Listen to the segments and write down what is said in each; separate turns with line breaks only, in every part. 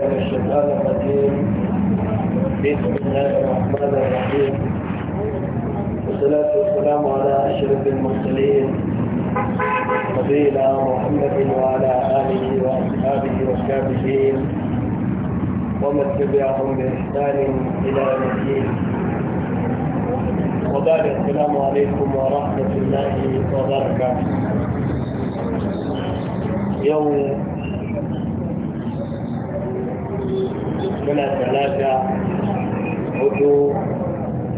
الشيطان الرجيم بسم الله الرحمن الرحيم والصلاة والسلام على أشرف المرسلين نبينا محمد وعلى آله وأصحابه والكافرين ومن تبعهم بإحسان إلى يوم الدين وبعد السلام عليكم ورحمة الله وبركاته يوم muna talata hudu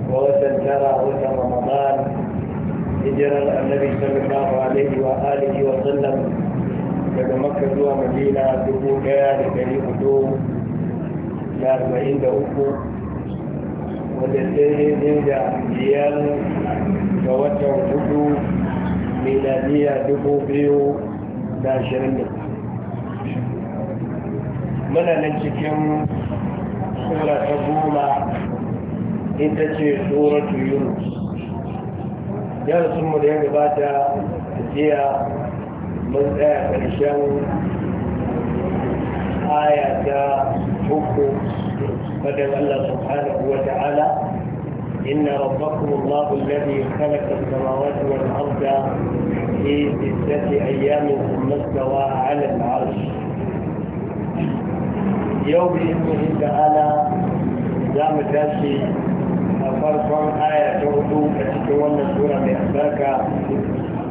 ga watan tara watan ramadan hijirar annabi sallallahu alaihi wa alihi wa sallam daga makka zuwa madina dubu daya da dari hudu da arba'in da uku wanda sai daidai da biyar ga watan hudu miladiya dubu biyu da ashirin da muna nan cikin sura ta goma ita ce suratu yunus yau sun mu da ya gabata jiya mun tsaya ƙarshen aya ta uku فدل الله سبحانه وتعالى إن ربكم الله الذي خلق السماوات والأرض في ستة أيام ثم استوى على العرش يو بإذنه تعالى جامع تاشي فرصا آية جهدو أتكوان نسورة بأسباك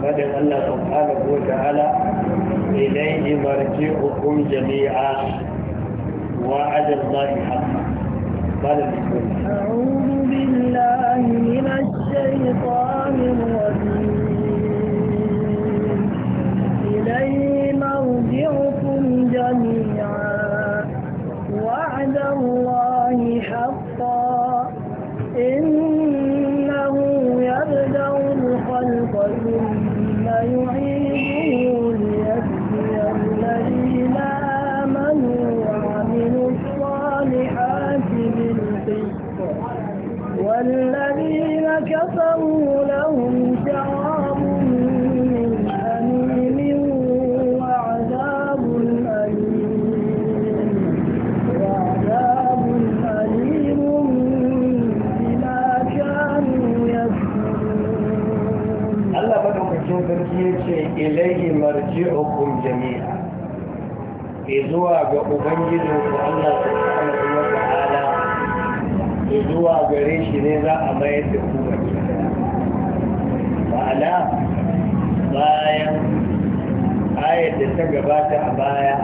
بدأ الله سبحانه وتعالى إليه مرجعكم جميعا وعد الله حقا
أعوذ بالله من الشيطان الرجيم إليه مرجعكم جميعا وعد الله حقا إنه يبدأ الخلق ثم يعيد
marji'ukum jami'a zuwa ga ubangijin ku Allah subhanahu
wa ta'ala
zuwa gare shi ne za a mayar da ku baki ma'ana bayan da ta gabata a baya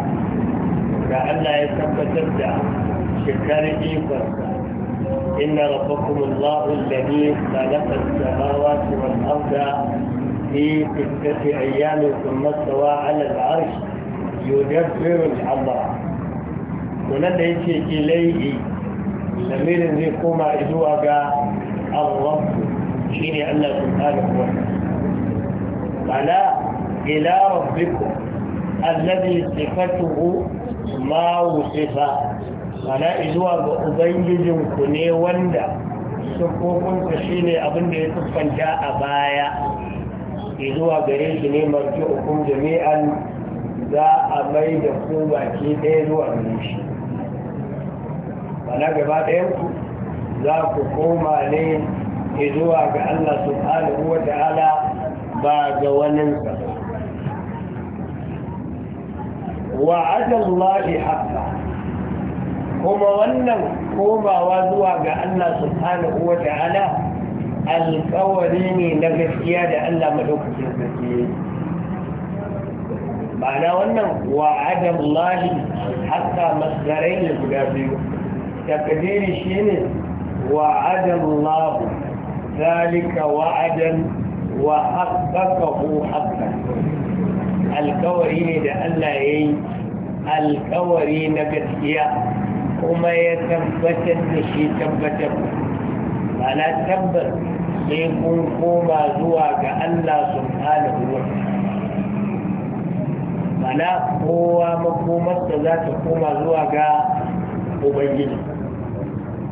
da Allah ya tabbatar da shekarun ikonsa إن ربكم الله الذي خلق السماوات والأرض في ستة أيام ثم استوى على العرش يدبر الأمر ولن يجي إليه لمن ذي قوم إذوك الرب شيني الله سبحانه وتعالى فلا إلى ربكم الذي صفته ما وصف فلا إذوك أبنجزكم وندا sukokunsa shi ne abin da ya siffanta a baya zuwa gare shi ne marke hukum jami'an za a mai da ku baki ɗaya zuwa gare shi mana gaba ɗayan ku za ku koma ne zuwa ga Allah subhanahu wa ta'ala ba ga waninsa wa'adallahi haka. kuma wannan komawa zuwa ga Allah subhanahu wa ta'ala alkawari ne na gaskiya da Allah madaukakin sarki ma'ana wannan wa'adan lahi hatta masdarai ne guda biyu takdiri shine wa'adan lahu zalika wa'adan wa haqqaqahu haqqan alkawari ne da Allah yayi alkawari na gaskiya kuma ya tabbatar da shi tabbatar ma'ana tabbatar sai kun koma zuwa ga Allah subhanahu wa ta'ala kowa da za ta koma zuwa ga ubangiji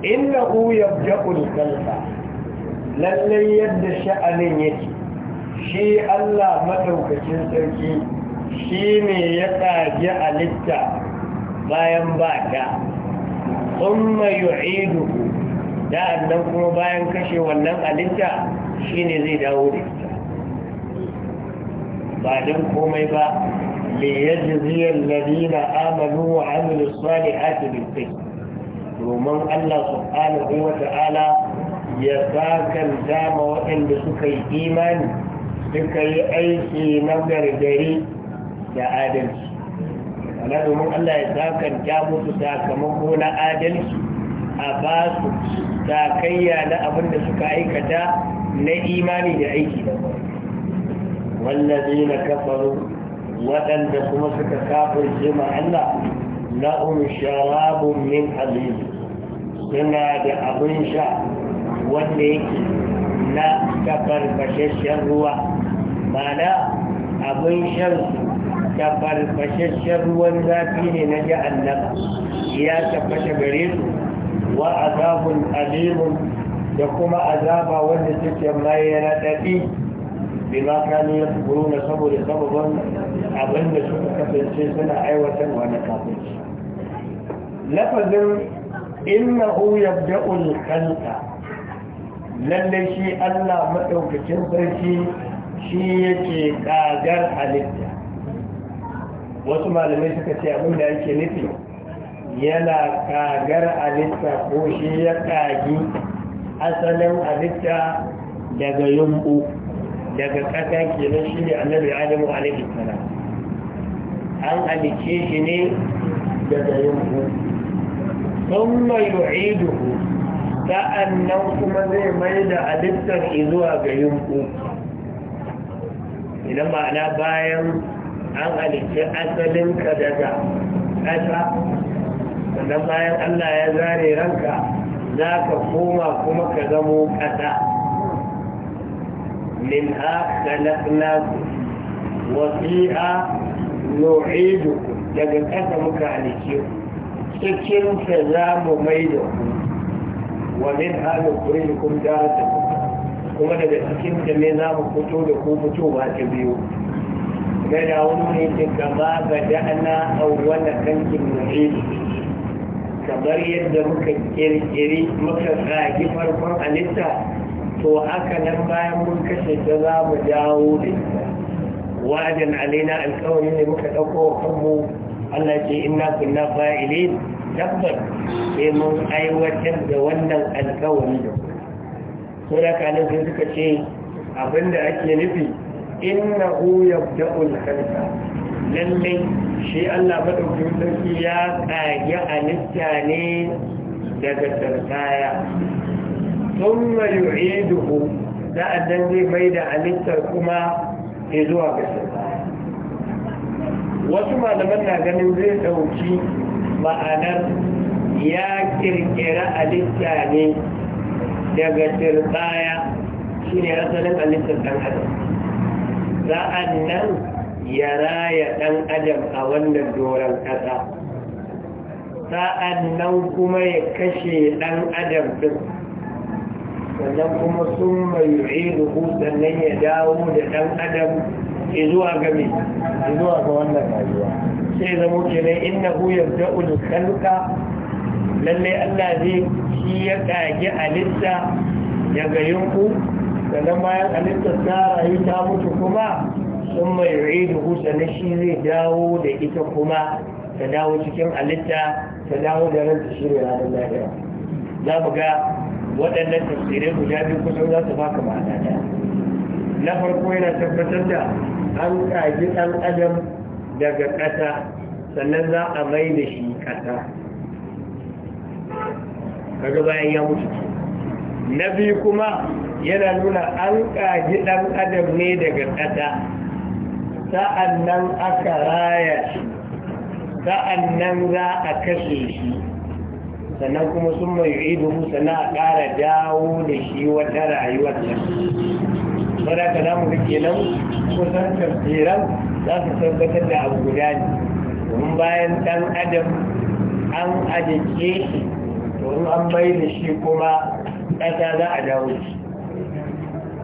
inna hu yabda'ul khalqa lallai yadda sha'anin yake shi Allah madaukakin sarki shi ne ya tsage a litta bayan ba ta sun yu'iduhu da nan kuma bayan kashe wannan halitta shine zai dawo da ita ba don komai ba ليجزي الذين آمنوا وعملوا الصالحات بالقسط domin Allah subhanahu wa ta'ala ya sakan dama waɗanda suka yi imani suka yi aiki na gargari da adalci ana domin Allah ya sakan musu sakamako na adalci a ba su takayya na abin da suka aikata na imani da aiki da Wannan zai na kafaru waɗanda kuma suka kafirce ma Allah la'un sharabun min azim suna da abin sha wanda yake na tafarfashashen ruwa mana abin shansu tafarfashashen ruwan zafi ne na ji annaba, ya tafashe gare su wa azabun alimun da kuma azaba wanda take mai raɗaɗi bima kanu ya na saboda sababin abin da suka kasance suna aiwatarwa na kafinci lafazin innahu da'ul kanta, lalle shi Allah maɗaukacin sarki shi yake kagar halitta wasu malamai suka ce abin da yake nufi yana kagar alitta ko shi ya kagi asalin alitta daga yumbu daga ƙasa kenan shi ne annabi adamu alaihi salam an halicce shi ne daga yumbu sun mai yu'iduhu nan kuma zai mai da halittar izuwa ga yumbu idan ma'ana bayan an halicce asalinka daga ƙasa sannan bayan Allah ya zare ranka za ka koma kuma ka zamo ƙasa min ha khalaqnakum wa fiha nu'idukum daga ƙasa muka halice ku cikin ta za mu mai da ku wa min ha nukhrijukum daratan kuma daga cikin ta ne za mu fito da ku ba ta biyu gada wani ne ta gaba ga da'ana awwala kankin nu'idukum kamar yadda muka kirkiri muka zagi farkon halitta to haka nan bayan mun kashe ta za mu dawo da ita wajen alaina alkawari ne muka ɗauko kanmu Allah ce inna kunna fa'ilin tabbas sai mun aiwatar da wannan alkawari da ku. da kanin sai suka ce abinda ake nufi innahu yabda'ul khalqa lallai shi Allah maɗaukin sarki ya ƙage halitta ne daga sarkaya sun mayu'i duhu sa'adan zai mai da halittar kuma ke zuwa ga wasu malaman na ganin zai ɗauki ma'anar ya ƙirƙira halitta ne daga sarkaya shi ne asalin halittar ɗan adam sa'an nan ya raya ɗan adam a wannan doron ƙasa sa'ad nan kuma ya kashe ɗan adam ɗin sannan kuma sun mai yu'iduhu sannan ya dawo da ɗan adam ke zuwa ga ke zuwa ga wannan rayuwa sai zamo kenan innahu yabda'ul khalqa lalle Allah zai shi ya kage alitta ya ga yunku sannan bayan alitta ta rayu ta mutu kuma sun mai yu'iduhu sannan shi zai dawo da ita kuma ta dawo cikin alitta ta dawo da ranta shi ne ranar lahira za mu ga waɗannan tafsirai guda biyu kusan za su ka ma'ana ɗaya na farko yana tabbatar da an kaji ɗan adam daga ƙasa sannan za a mai da shi ƙasa kaga bayan ya mutu na biyu kuma yana nuna an kaji ɗan adam ne daga ƙasa sa'an nan aka raya shi sa'an nan za a kashe shi sannan kuma sun mai ido musa a ƙara dawo da shi wata rayuwar nan saboda ka zamu ke kenan kusan tafsiran za su tabbatar da abu guda ne domin bayan ɗan adam an ajiye shi domin an bai da shi kuma ƙasa za a dawo shi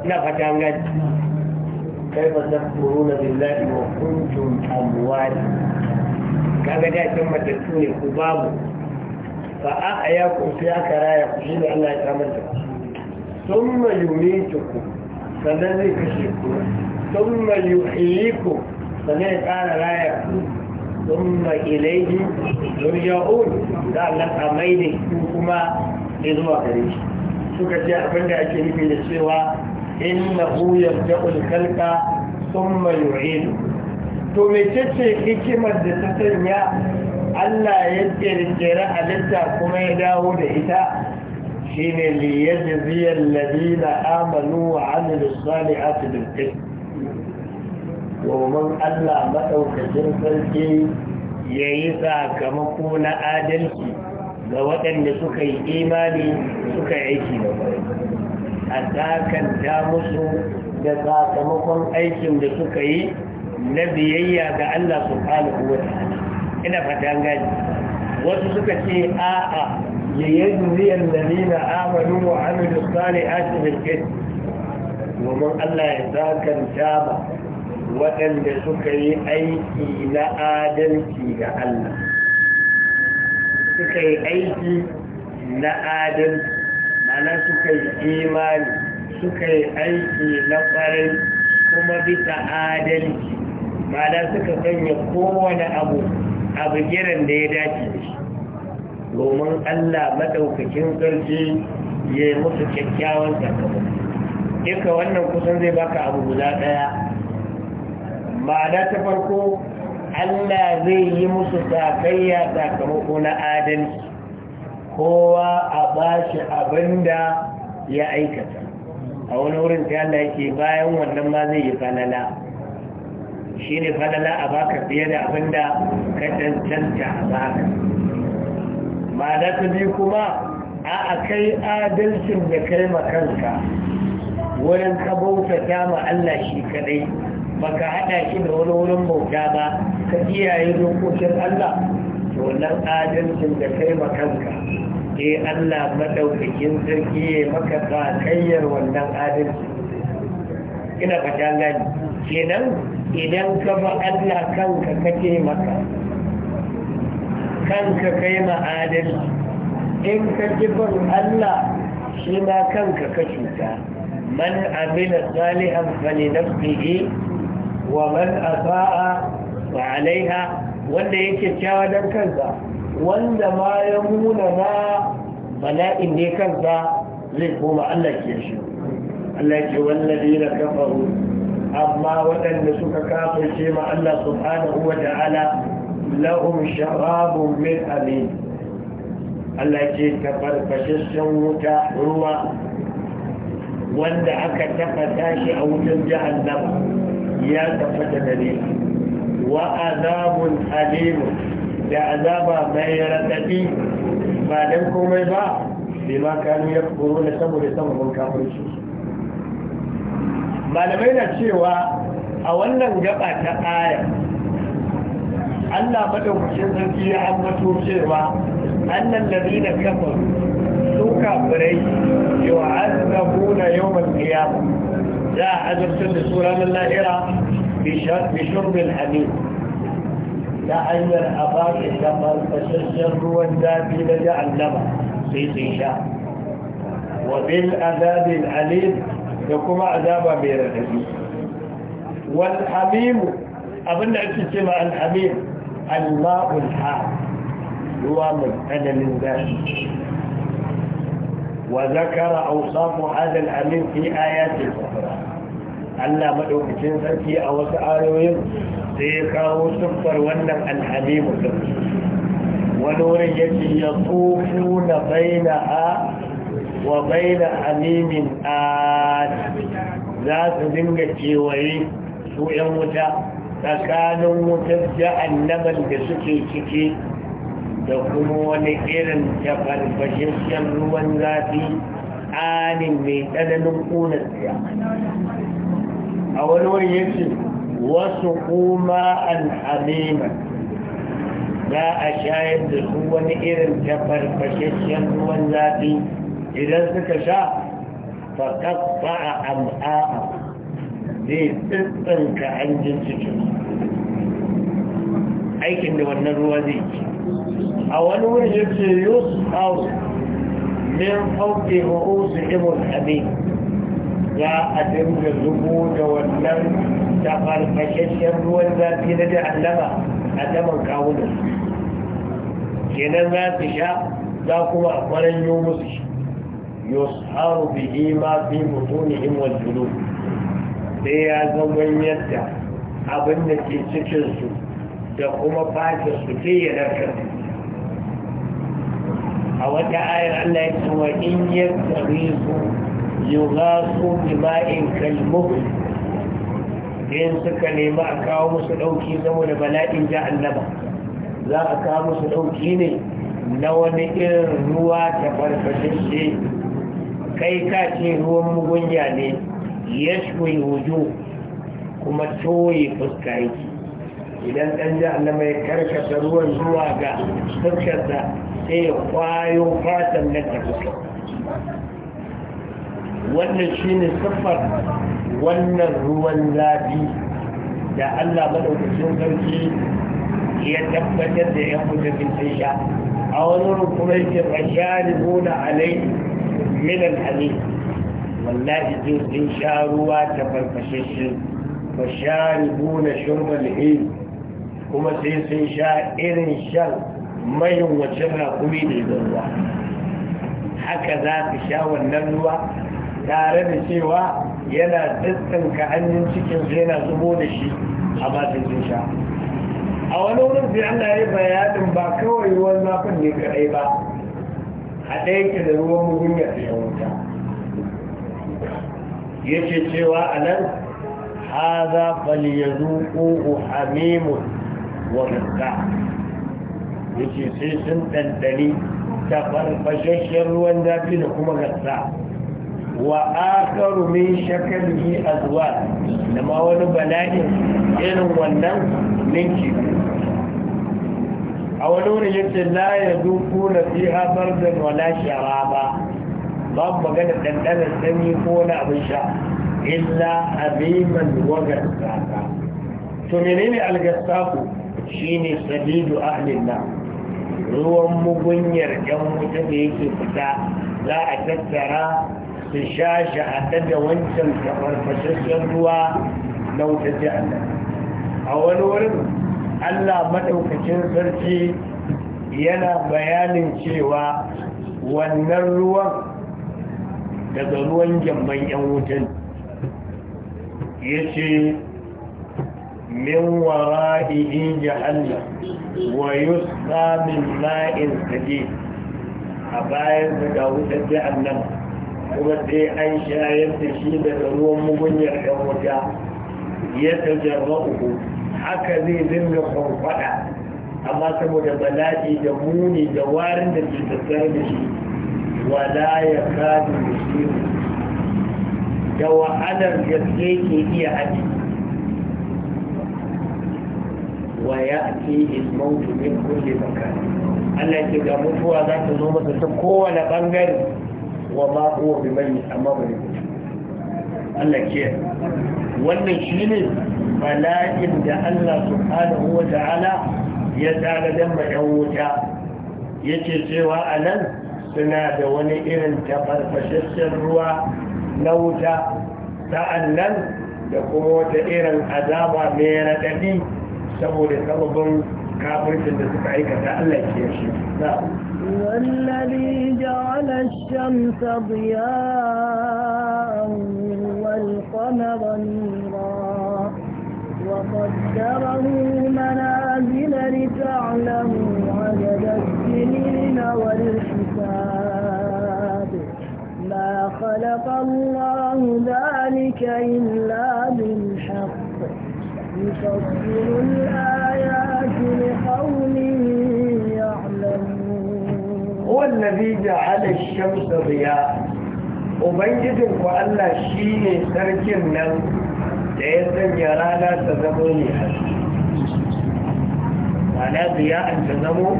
ina fata gani كيف تكفرون بالله وكنتم أمواتا kaga da kin matattu ne ku babu fa a aya ku aka raya ku shi ne Allah ya kamar da thumma yumituku sannan zai kashe ku thumma yuhyiku sannan ya kara raya ku thumma ilayhi zuwa gare shi suka ce abinda ake nufi da cewa innahu yabda'ul khalqa thumma yuin to mecece hikimar da ta sanya Allah ya kirkira halitta kuma ya dawo da ita shine li yajzi alladhina amanu wa 'amilus salihati bil qist domin Allah madaukakin sarki yayi sakamako na adalci ga waɗanda suka yi imani suka yi aiki da kwarai a takanta musu da sakamakon aikin da suka yi na biyayya ga Allah subhanahu wa ina fatan gani wasu suka ce a'a ya yajzi alladhina amanu wa amilu Sani, bil qist domin Allah ya takanta ba waɗanda suka yi aiki na adalci ga Allah suka yi aiki na adalci Ma'ana suka yi imani suka yi aiki na ƙwarai kuma bisa adalci ma'ana suka sanya kowane abu a bigiran da ya dace da shi domin allah maɗaukakin sarki ya yi musu kyakkyawan sakamako duka wannan kusan zai baka abu guda ɗaya ma'ana ta farko allah zai yi musu sakayya sakamako na adalci kowa a bashi abin da ya aikata a wani wurin ta yalla yake bayan wannan ma zai yi falala shi ne falala a baka fiye da abin da ka cancanta a baka ma da ta bi kuma a akai adalcin da kai makanka wurin ka bautata ma Allah shi kadai baka hada shi da wani wurin bauta ba ka kiyaye dokokin Allah to nan adalcin da kai kanka ke eh, Allah maɗaukakin sarki ya maka tsakayyar wannan adalci ina fata gani kenan idan ka ba Allah kanka kake maka kanka kai ma adalci in ka kifar Allah shi ma kanka ka cuta man amila salihan fali nafsihi wa man asa'a wa alaiha wanda yake kyawa don kansa wanda ma ya muna na bala'in ne kansa zai koma Allah ke shi Allah ke wallabi na kafaru amma waɗanda suka kafirce ma Allah subhanahu wa ta'ala lahum sharabun min amin Allah ce ta farfashashen wuta ruwa wanda aka tafa shi a wutan nan, ya tafata da ne وعذاب أليم da azaba mai raɗaɗi ba don komai ba bai ma kanu ya koro na saboda sababin kafirci malamai na cewa a wannan gaba ta aya Allah madaukakin sarki ya ambato cewa annan ladina kafaru su kafirai yu'azzabu na yawmal qiyamah za a azabtar da su ranar lahira بشرب الحليب لأن فسجر هو تسجر لدى علمه في شاء وبالعذاب العليم لكم عذاب بير الحليب والحميم أبنى تسمع الحميم الماء الحار هو من أنا من ذلك وذكر أوصاف هذا الحميم في آيات أخرى Allah maɗaukacin sarki a wasu ayoyin sai ya kawo siffar wannan alhalimu din wani wurin yake ya tsofu na baina a wa baina halimin a za su dinga kewaye su 'yan wuta tsakanin wutar ja'annabar da suke ciki da kuma wani irin tafarfashashen ruwan zafi anin mai tsananin ƙunar tsaya أولوين يسي وسقوا ماء حميما لا أشاهد هو إرم كفر فشيش ينهو الذاتي إذا سك شاء فقطع أمعاء دي تبقن كعنج سجن أي كن دي ونروا دي أولوين يسي يصحر من فوق رؤوسهم الحميم جاء ذنب الزبود والنم تقال فشش يرون ذات الذي علما عدم الكاونة كنن ذات شاء ذاكما أفرن يومس يصحر به ما في بطونهم والجلود ليا زمن يدع أبنة تكنس ذاكما فاك السكية لك أو تعالى إن يتغيثوا yughasu bima'in kalmuh in suka nemi a kawo musu dauki saboda bala'in annaba za a kawo musu dauki ne na wani irin ruwa ta farfashe kai ka ce ruwan mugunya ne ya shi wujo kuma toye fuska yake idan ɗan jahannama ya karkata ruwan zuwa ga fuskarsa sai ya kwayo fatan nan ta wannan ne siffar wannan ruwan zafi da Allah madaukakin sarki ya tabbatar da yan mutumin sun sha a wani rukunai ke fashari nuna alai minan hali wallahi jin sun sha ruwa ta farfashashe fashari nuna shurban hin kuma sai sun sha irin shan mayin wacin rakumi da ruwa haka za su sha wannan ruwa tare da cewa yana tsitsinka hannun cikin yana zubo da shi a batin sun sha a wani wurin sai Allah yi bayanin ba kawai ruwan zafin ne kaɗai ba a ɗaya ke da ruwan mugunya da ya wuta yake cewa a nan haza faliyazuku hamimun wa gaska yake sai sun ɗanɗani ta farfashashiyar ruwan zafi da kuma gasa wa akaru min shakalihi azwaj da ma wani bala'in irin wannan ninki a wani wuri yace la yaduku na fiha bardan wala sharaba babu magana dandana sanyi ko wani abin sha illa abiman wagar saka to menene algasaku shine sabidu ahlin nar ruwan mugunyar yan wuta da yake fita za a tattara su sha shi haɗe da wancan farfashashen ruwa na wuta Allah a wani wurin Allah maɗaukacin sarki yana bayanin cewa wannan ruwan daga ruwan gyamban 'yan wutan ya ce min wara'ihi jahannam wa yusqa min ma'in sadid a bayan daga wutar jahannam kuma sai an shayar da shi daga ruwan mugunyar ɗan wuta ya tajarra uku haka zai dinga kwankwada amma saboda bala'i da muni da warin da ke tattare da shi wala ya kadu da shi da wa'adar gaske ke iya haɗi wa ya ce ilmautu min kulle makani Allah ke ga mutuwa za ta zo masa ta kowane ɓangare wa ma huwa bi mai amma bane Allah ke wannan shine bala'in da Allah subhanahu wa ta'ala ya tsara dan ba yan wuta yace cewa anan suna da wani irin tafarfashashen ruwa na wuta sa'annan da kuma wata irin azaba mai raɗaɗi saboda sababin kafircin da suka aikata Allah ke shi na'am
هو الذي جعل الشمس ضياء والقمر نيرا وقدره منازل لتعلموا عدد السنين والحساب ما خلق الله ذلك إلا بالحق يفصل الآيات لقوم
الذي جعل الشمس ضياء وبنجدن وألا شيء سرج النوم جيدا يرى تزموني تزموني على ضياء تزمو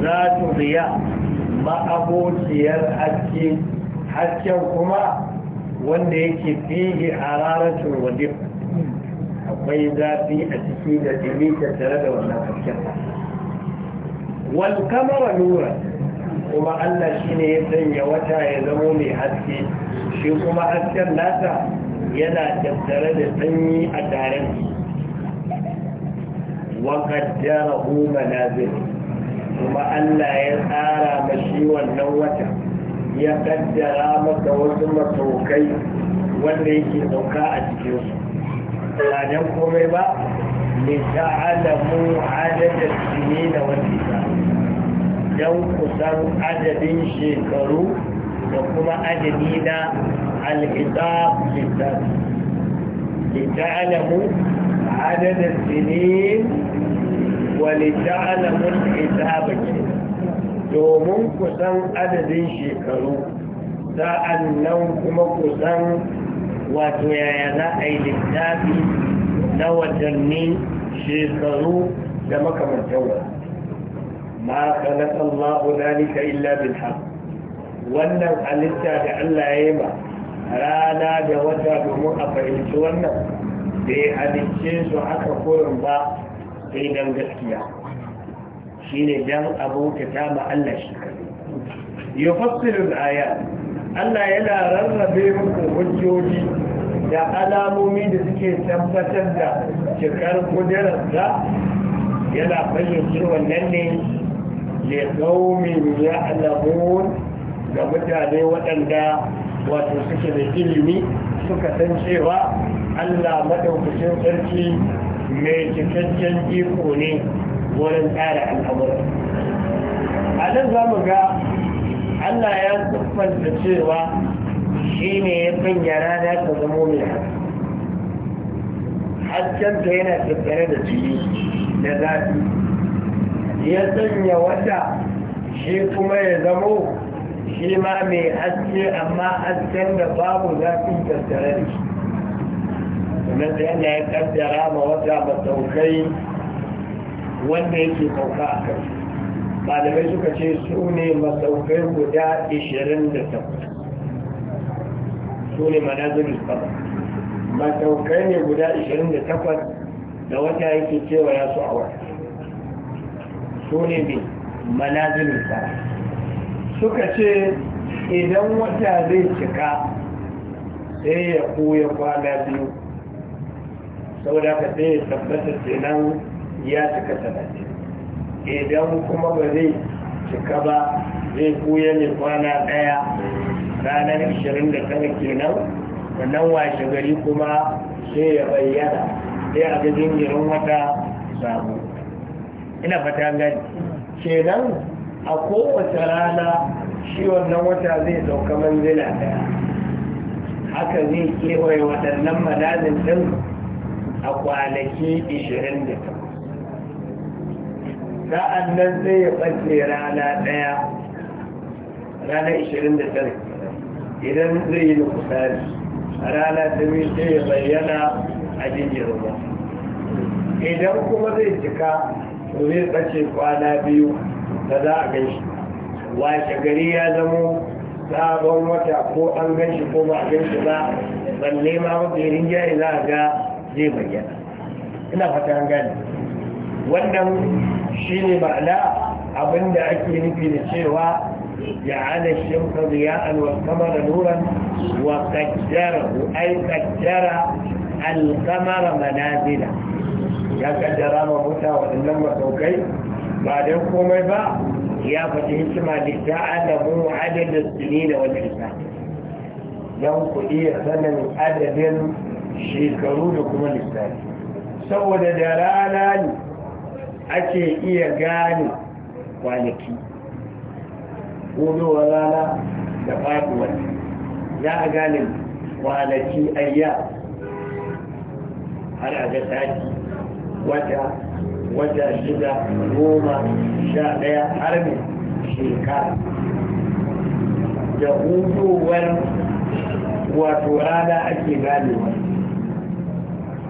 ذات ضياء ما أبو سير أكيد حتى وكما وانديك فيه حرارة ودق وإذا في أتكيد تميك ترد ونفكر والقمر نورا kuma Allah shi ne ya sanya wata ya zamo mai haske shi kuma hasken nasa yana tattare da sanyi a taren wakaddara hu manazil kuma Allah ya tsara mashi wannan wata ya kaddara maka wasu masaukai wanda yake sauka a cikinsu ba don komai ba jini da السنين والحساب don kusan adadin shekaru da kuma adadi na alkitab littafi lita'alamu adadin sinin wa lita'alamun kitaba ke domin kusan adadin shekaru sa'an nan kuma kusan wato yaya za a yi littafi na watanni shekaru da makamantarwa. ma khalaqa Allahu dhalika illa bil wannan halitta da Allah ya yi ma rana da wata domin a fahimci wannan bai halicce su haka kurin ba sai don gaskiya shine dan abota ta ma Allah shi yufassilu al-ayat Allah yana rarrabe muku hujjoji da alamomi da suke tabbatar da cikar kudirarsa yana bayyance wannan ne ya يعلمون ga mutane waɗanda wato suke da ilimi suka san cewa allah maɗaukacin sarki mai cikakken iko ne wurin tsara al'amura a nan za mu ga allah ya siffanta cewa shi ne ya rana ta zamo mai hasken ta yana tattare da ciki da zafi ya sanya wata shi kuma ya zamo shi ma mai haske amma hasken da babu zafin tattare da shi kuma sai Allah ya kaddara ma wata masaukai wanda yake sauka a kai malamai suka ce su ne masaukai guda 28 su ne manazin sama masaukai ne guda 28 da wata yake cewa ya su a wata su ne mai manazilin sara suka ce idan wata zai cika sai ya koya kwana biyu sau da ka sai ya tabbata kenan ya cika talatin idan kuma ba zai cika ba zai koya ne kwana daya ranar 29 kenan wannan washe gari kuma sai ya bayyana sai a ga jingirin wata samu ina fata gani kenan a kowace rana shi wannan wata zai sauka manzila daya haka zai kewaye waɗannan manazin din a kwanaki 28 sa'an nan zai ya ɓace rana ɗaya rana 29 idan zai yi nukusari rana ta zai ya bayyana a ruwa, idan kuma zai cika domin ɓace kwana biyu da za a gan shi washe gari ya zamo sabon wata ko an gan shi ko ba a gan shi ba balle ma irin rinjaye za a ga zai bayyana ina fata an gane wannan shi ne ma'ana da ake nufi da cewa ya الشمس ضياء والقمر نورا وقدره أي قدر القمر ya kaddara ma mota waɗannan masaukai ba don komai ba ya faɗi hikima da ta alamu adadin sini da wani isa don ku iya sanin adadin shekaru da kuma lissafi saboda da rana ne ake iya gane kwanaki ƙudowar rana da faɗuwar za a gane kwanaki ayya har a ga sati wata wata shida goma sha ɗaya har ne shekara da hutowar wato rana ake ganewa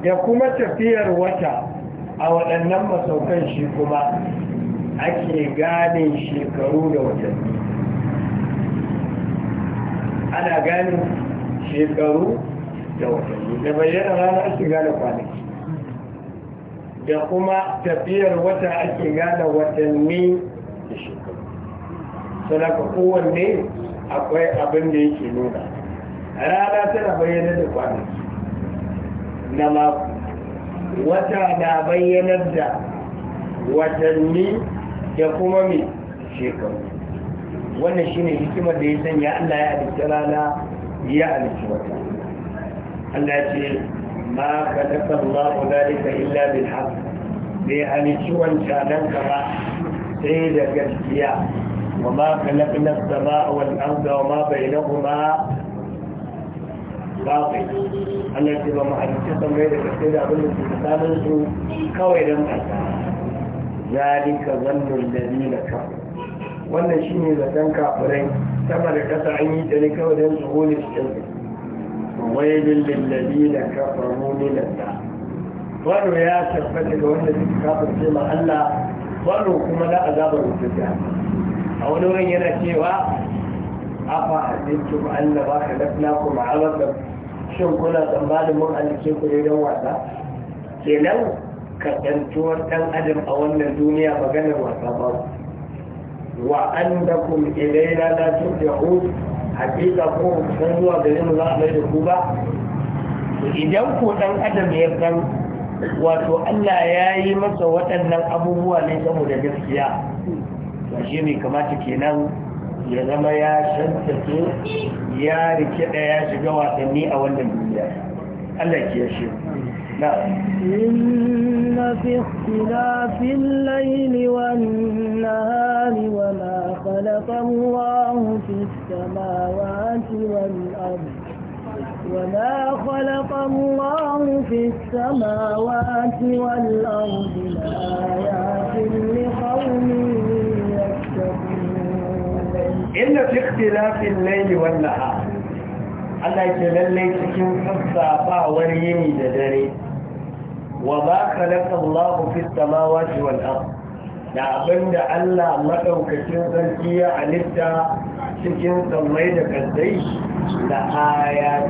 da kuma tafiyar wata a waɗannan masaukan shi kuma ake gane shekaru da watanni ana gane shekaru da watanni da bayyana rana ake gane kwanaki da kuma tafiyar wata ake gane watanni da shekaru suna ka kowanne akwai abin da yake nuna rana tana bayyana da kwanaki na mako wata na bayyanar da watanni da kuma mai shekaru wannan shine hikimar da ya sanya allah ya halitta rana ya alice wata allah ce ma khalaqa Allahu dhalika illa bil haqq bai halicci wancan ka ba sai da gaskiya wa ma khalaqna as-samaa wal arda wa ma bainahuma batil Allah ce ba mu halicci sammai da da abin da su kawai don kasa zalika zannul wannan shine zaton kafirai sama da kasa an yi tare kawai don su hole su ويل للذين كفروا من النار وانو يا شفتك وانا تكافر كما wani وانو كما لا أذاب المتجاه أولو أن ba ka أنما خلقناكم عبثا shin kuna tsammanin mun halice ku ne don wasa kenan kasantuwar ɗan adam a wannan duniya maganar wasa ba wa an da kuma ilaina na turjahu hakika ko san zuwa gare mu za a mai da ku ba idan ko dan adam ya san wato Allah ya yi masa waɗannan abubuwa ne saboda gaskiya ba shi mai kamata kenan ya zama ya shantace ya rikida ya shiga wasanni a wannan duniya Allah ya shi
إن في اختلاف الليل والنهار وما خلق الله في السماوات والأرض وما خلق الله في السماوات والأرض لآيات لقوم يتقون
إن في اختلاف الليل والنهار الله ke lallai سكين sassafa wani yini wa ba khalaqa Allahu fis samawati wal ard da abinda Allah madaukakin sarki ya halitta cikin sammai da kaddai da ayat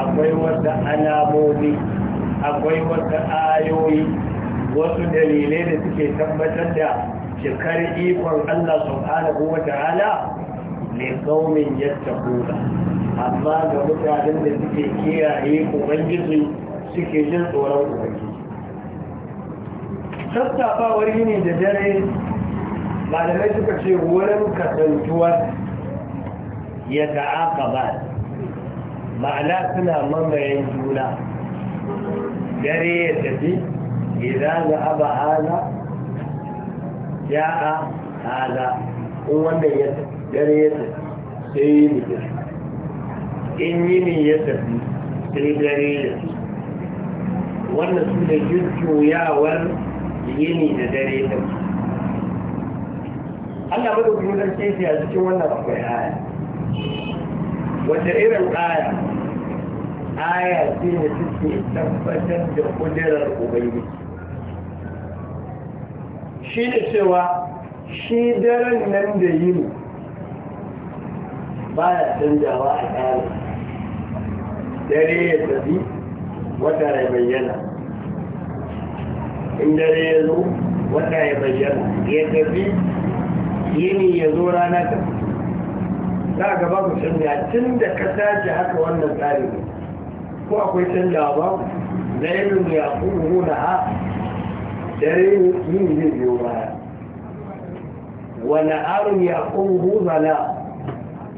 akwai wata alamomi akwai wata ayoyi wasu dalilai da suke tabbatar da cikar ikon Allah subhanahu wa ta'ala ne kaumin yadda amma ga mutanen da suke kiyaye ubangiji suke jin tsoron ubangiji sassafawar yini da dare malamai suka ce wurin kasantuwar ya ta'aka ba ma'ana suna mamayen juna dare ya tafi idan ga aba haza ya a haza in wanda ya dare ya tafi sai yi ne in yini ya tafi sai dare ya tafi wannan su da jujjuyawar yini da dare da Allah ba da gudunar a cikin wannan akwai aya wata irin aya aya ce da suke tabbatar da kudirar ubangiji shi ne cewa shi daren nan da yini ba ya canjawa a tsarin dare ya tafi wata ya bayyana in dare ya zo wata ya bayyana ya tafi yini ya zo rana ta za a gaba ku canja tun da ka tashi haka wannan tsari ne ko akwai canjawa ba na yin ya kuma na ha dare yini zai biyo baya wani arun ya kuma zala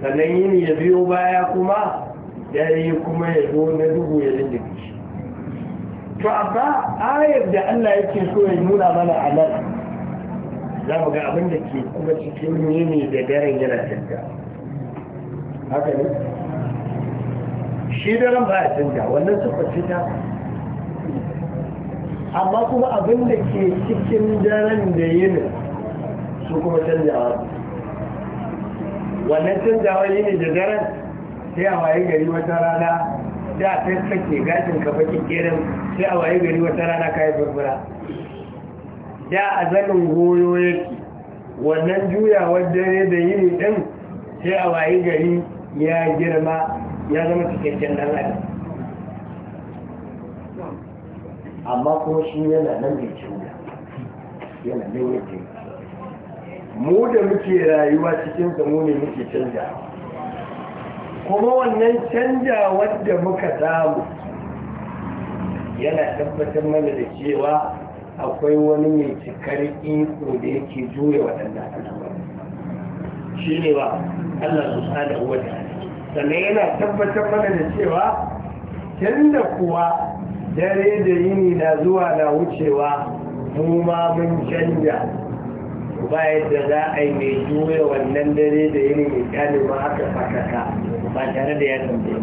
sannan yini ya biyo baya kuma dare kuma ya zo na dubu ya lindiki to amma ayar da Allah yake so ya nuna mana a nan za mu ga abin da ke kuma cikin ne da daren yana canja haka ne shi daren ba a canja wannan suka ce ta amma kuma abin da ke cikin daren da yinin su kuma canjawa wannan canjawa yini da daren sai a waye gari wata rana da ta sake gashin ka baki sai a waye gari wata rana yi burbura da a zanin goyo yake wannan juyawar dare da yini din sai a waye gari ya girma ya zama cikakken dan adam amma kuma shi yana nan da canza yana nan yake mu da muke rayuwa cikin mu ne muke canjawa kuma wannan canja wadda muka samu yana tabbatar mana da cewa akwai wani mai cikar iko da yake juya waɗannan al'amari shi ne ba Allah su sada wadda sannan yana tabbatar mana da cewa can da kuwa dare da yini na zuwa na wucewa mu ma mun canja ba yadda za a yi mai juya wannan dare da yini mai kyale ma haka fakaka ba tare da ya tambaye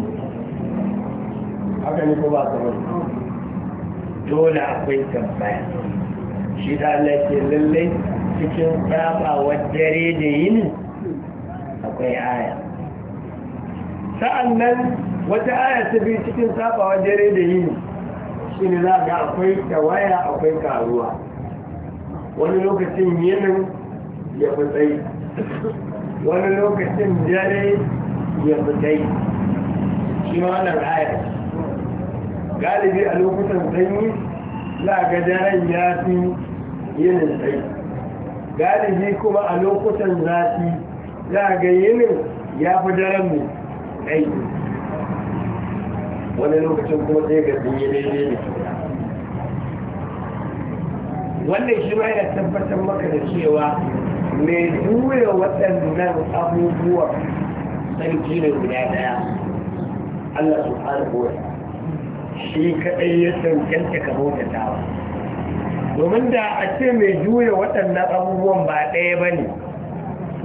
haka ne ko ba ka wani dole akwai tambaya shi da Allah ke lallai cikin tsabawar dare da yini akwai aya Sa'annan wata aya ta biyu cikin tsabawar dare da yini shi ne za ga akwai tawaya akwai karuwa wani lokacin yinin ya fitsai wani lokacin dare ya fitsai shi ma wannan ayar galibi a lokutan sanyi za ga daren ya fi yinin sai galibi kuma a lokutan zafi za ga yinin ya fi daren mu tsayi wani lokacin kuma sai ga sun yi daidai da shi wannan shi ma yana tabbatar maka da cewa mai jure waɗannan abubuwan sarki ne guda ɗaya Allah subhanahu wa shi kaɗai ya san cancanta ka tawa? domin da a ce mai jure waɗannan abubuwan ba ɗaya ba ne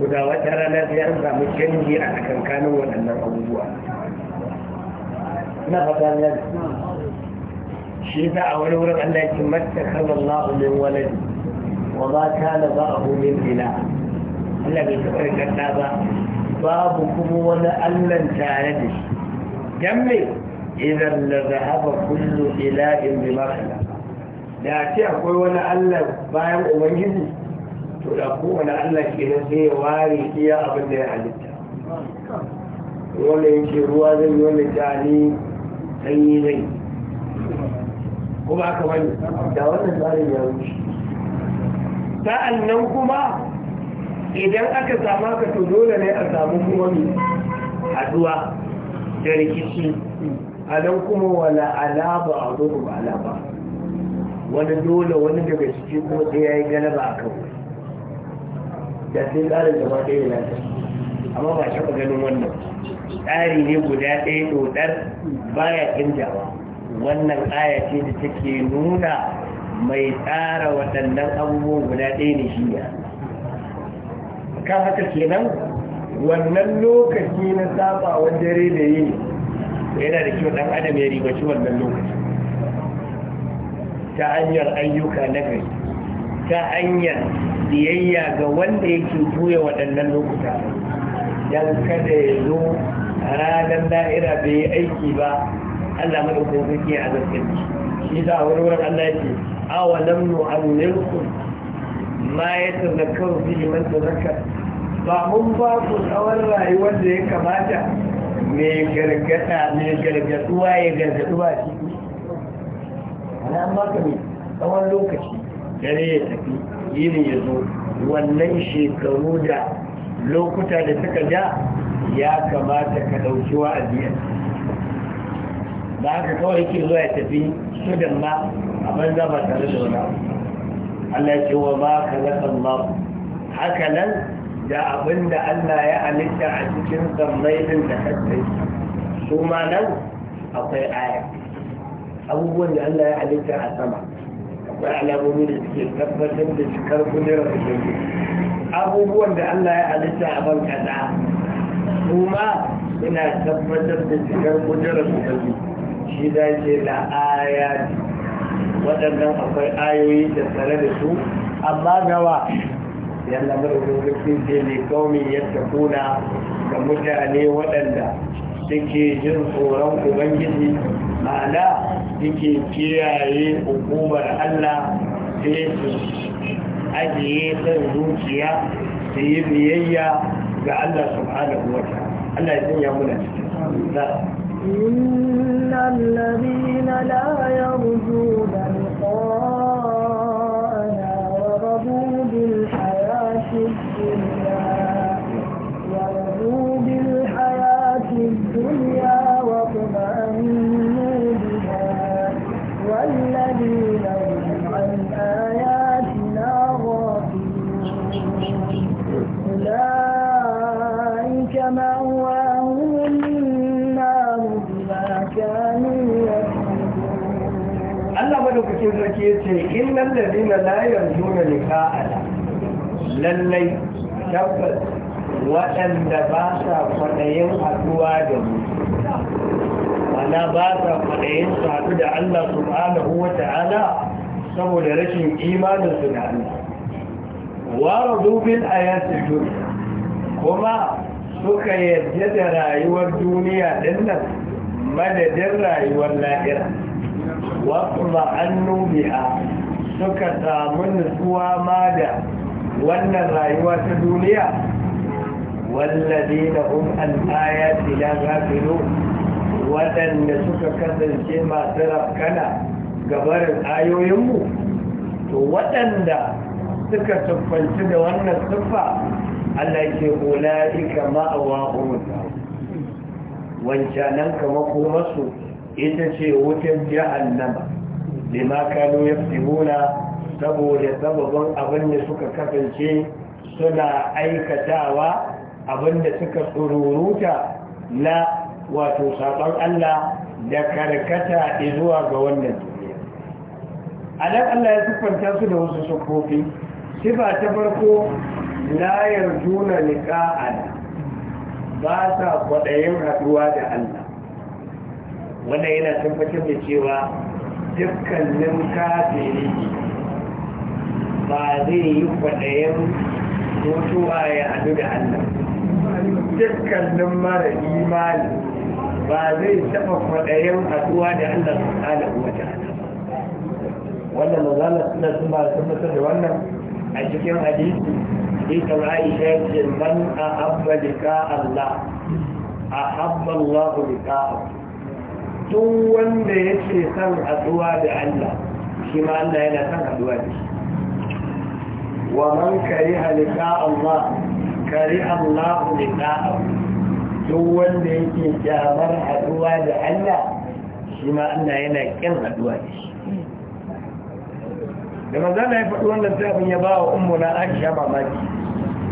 guda wata rana ya an samu canji a tsakankanin waɗannan abubuwa na fata shi yasa a wani wurin Allah yake mattakhadha Allah min walad wa ma kana ba'ahu min ilah Allah bai taɓa rikar da ba babu kuma wani Allah tare da shi dan me idan la zahaba kullu ilahin bi makhla da ce akwai wani Allah bayan ubangiji to da wani Allah ke nan sai ya ware iya abin da ya halitta wannan yake ruwa zai yi wannan jani sanyi zai Kuma aka wani da wannan tsarin ya wuce sa'an nan kuma idan aka sama ka to dole ne a samu kuma mai haduwa da rikici a nan kuma wala alaba a zo ba alaba wani dole wani daga ciki kuma sai ya yi galaba a kan da sai tsarin gaba ɗaya na ta amma ba taɓa ganin wannan tsari ne guda ɗaya ɗodar baya canjawa wannan aya ce da take nuna mai tsara waɗannan abubuwan guda ɗaya ne shi ya Ka haka kenan wannan lokaci na saba wa dare da yi yana da kyau ɗan adam ya ribaci wannan lokaci ta hanyar ayyuka na gari ta hanyar biyayya ga wanda yake juya waɗannan lokuta don kada ya zo a ranar da'ira bai yi aiki ba Allah madaukakin sarki a azabtar da shi da wani wurin Allah ya ce awalam nu'ammirkum ma yatazakkaru fihi man tazakkar ba mun ba ku tsawon rayuwar da ya kamata Me gargada mai gargaduwa ya gargadu ba shi ana an baka ne tsawon lokaci dare ya tafi yini ya zo wannan shekaru da lokuta da suka ja ya kamata ka ɗauki wa'adiyar ba haka kawai yake zuwa ya tafi sudan ba a banza ba tare da wani Allah ce wa ma kalaka Allah haka nan da abin da Allah ya halitta a cikin sammainin da kasai su ma nan akwai aya abubuwan da Allah ya halitta a sama akwai alamomi da suke tabbatar da cikar kudurar ubangiji abubuwan da Allah ya halitta a ban kaza su ma suna tabbatar da cikar kudurar ubangiji shi da ke da ayati waɗannan akwai ayoyi da tsare da su amma gawa yalla madaukakin ce ne kaumin yadda kuna ga mutane waɗanda suke jin tsoron ubangiji ma'ana suke kiyaye hukumar allah sai su ajiye san zuciya su yi biyayya ga allah subhanahu wa ta'ala allah ya sanya muna cikin
إن الذين لا يرجون لقاءنا ورضوا بالحياة
madaukakin sarki ya ce innan da dina layar juna ne ka'ala lallai tabbas waɗanda ba sa kwaɗayin haɗuwa da mu mana ba sa kwaɗayin su haɗu da Allah subhanahu wa ta'ala saboda rashin imaninsu da Allah wa radu a yasi kuma suka yarda da rayuwar duniya dinnan madadin rayuwar lahira waɗanda annubiya suka samu nutsuwa ma da wannan rayuwa ta duniya wallazi da hum an ayati la ghafilu waɗanda suka kasance masu rafkana gabarin ayoyinmu to waɗanda suka tuffanci da wannan siffa Allah ke ula'ika ma'awa umar wancanan kama kuma su ita ce wutan jahannama lima kano ya saboda sababin abin da suka kasance suna aikatawa abin da suka tsururuta na wato saɓon Allah da karkata izuwa ga wannan duniya. A nan Allah ya siffanta su da wasu sukofi, sifa ta farko layar juna niƙa'ada ba sa kwaɗayin haɗuwa da Allah. wannan yana tabbatar da cewa dukkanin kafiri ba zai yi kwaɗayen mutuwa ya hadu da Allah dukkanin mara imani ba zai taɓa kwaɗayen haduwa da Allah su ƙala wata wannan mazalar suna sun ba tabbatar da wannan a cikin hadisi a aisha ce man a abba lika Allah a habba Allah lika Allah duk wanda yake son haɗuwa da Allah shi ma Allah yana son haɗuwa da shi wa man kariha liqa Allah kariha Allah liqa'ahu duk wanda yake kyamar haɗuwa da Allah shi ma Allah yana kin haɗuwa da shi da manzana ya faɗi wannan tafin ya ba wa ummu na Aisha mamaki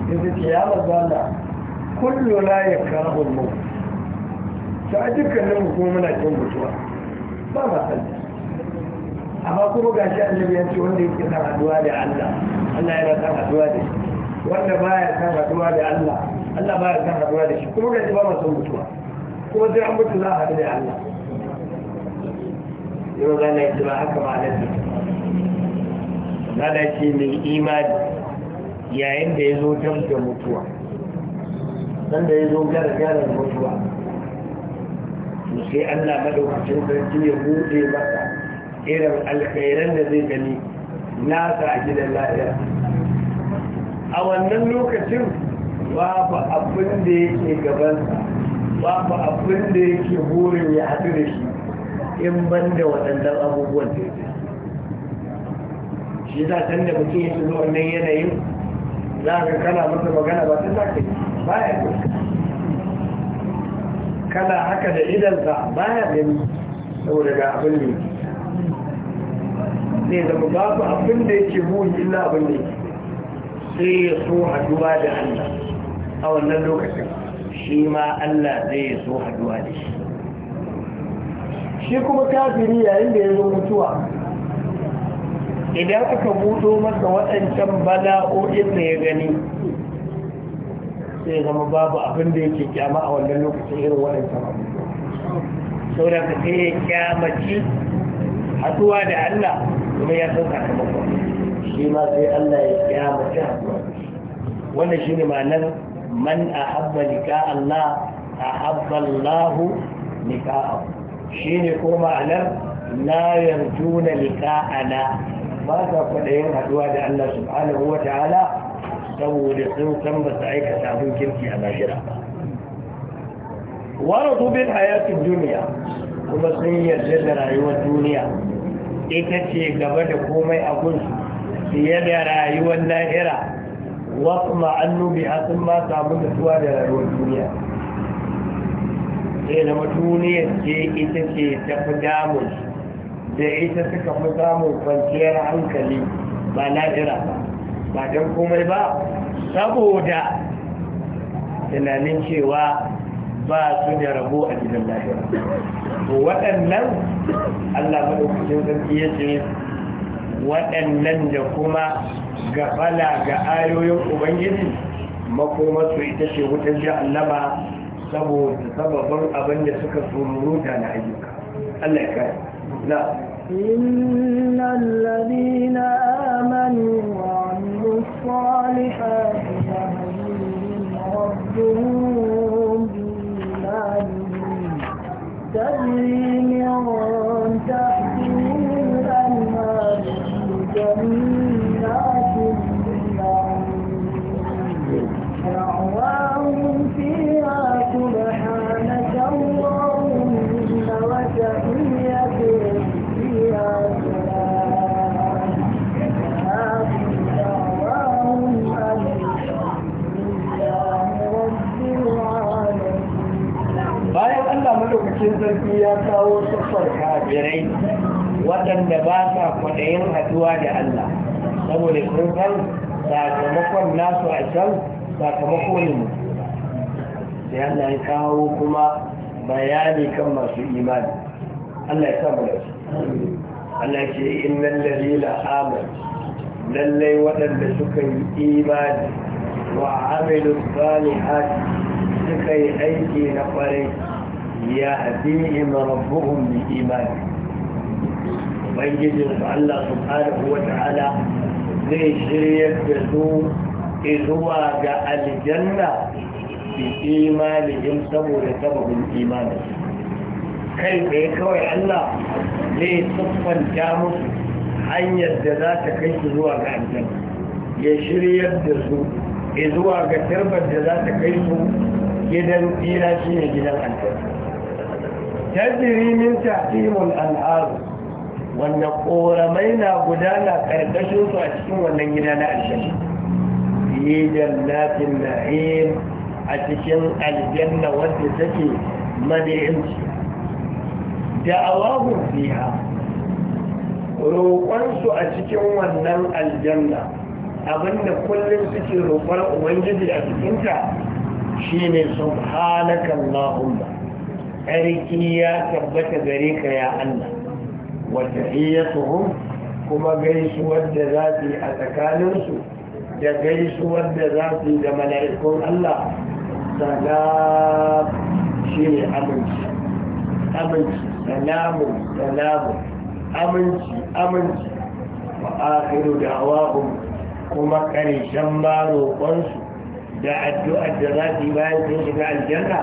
sai ta ce ya manzana kullu la yakrahu al-maut ta a dukkanin mu kuma muna cin mutuwa ba ma sallah amma kuma ga shi annabi ya ce wanda yake san addu'a da Allah Allah yana san addu'a da shi wanda baya san addu'a da Allah Allah baya san addu'a da shi kuma ga shi ba ma son mutuwa kuma sai an mutu za a haɗu da Allah yau za na yi ba haka ma na na da ce mai imani yayin da ya zo dam da mutuwa sanda ya zo gara gara mutuwa sai Allah madaukakin sarki ya bude masa irin alkhairan da zai gani nasa a gidan lafiya a wannan lokacin babu abin da yake gabansa babu abin da yake burin ya haɗu da
shi
in ban da waɗannan abubuwan da yake shi za san da mutum ya zuwa nan yanayin za ka kana masa magana ba ta za ka yi ba ya kana haka da idansa baya gani saboda ga abin ne ne ba babu abin da yake buhi illa abin ne sai ya so haduwa da Allah a wannan lokacin shi ma Allah zai so haduwa da shi shi kuma kafiri yayin da ya zo mutuwa idan aka buɗo masa waɗancan bala'o'in da ya gani sai zama babu abin da yake kyama a wannan lokacin irin waɗancan abubuwa sau da sai ya kyamaci haɗuwa da Allah kuma ya san sakamakon shi ma sai Allah ya kyamaci haɗuwa wannan shi ne ma'anar man a habba nika Allah a habba Allah nika shi ne ko ma'anar la yarjuna liqa'ana ba ka kwaɗayin haɗuwa da Allah subhanahu wa ta'ala قول حوكم بسعيك سعبون كنتي أماجرة ورضوا بالحياة الدنيا كما سنية جدر أيوة الدنيا إتتي قبل قومي أقول سيدي رأيوة الناهرة وطمع أنه بحسن ما سعبون سوال رأيوة الدنيا إلى مدونية جي إتتي تقدامش da ita suka fi samun kwanciyar hankali ba don komai ba saboda tunanin cewa ba su da rabo a gidan lahira waɗannan allah maɗaukacin sarki ya ce waɗannan da kuma gabala ga ayoyin ubangiji makomarsu ita ce wutar jahannama saboda sababin abin da suka tsururuta na ayyuka allah ya kare na
إن الذين آمنوا الصالحات يهديهم ربهم بإيمانهم تجري من تحتهم الأنهار في جنات النعيم دعواهم فيها
maɗaukacin sarki ya kawo siffar kafirai waɗanda ba sa kwaɗayin haɗuwa da Allah saboda sun sakamakon nasu a can sakamako ne sai Allah ya kawo kuma bayani kan masu imani Allah ya samu da su Allah ce in nan lalila amal lallai waɗanda suka yi imani wa amilu salihati suka yi aiki na ƙwarai يهديهم ربهم بإيمان ويجد الله سبحانه وتعالى زي شريك يسوع إذوا جاء الجنة بإيمانهم سبب سبب الإيمان كيف يكوي الله ليه صفا كامل hanyar da za ta kai su zuwa ga aljanna ya shiryar da su zuwa ga tarbar da za ta kai su gidan tsira shi ne gidan aljanna tajiri min tahtihimul anhar wanda koramai na gudana karkashin su a cikin wannan gida na fiye da jannatin na'im a cikin aljanna wanda take da da'awahum fiha roƙonsu a cikin wannan aljanna abinda kullum suke roƙon ubangiji a cikinta shi ne shine subhanakallahumma tsarki ya tabbata gare ka ya Allah wata iya tuhum kuma gaisuwar da za su yi a tsakaninsu da gaisuwar da za su yi da mala'ikun Allah salam shi ne aminci aminci salamun salamun aminci aminci wa akiru da hawa kuma ƙarshen ma roƙonsu da addu'ar da za su yi bayan sun shiga aljanna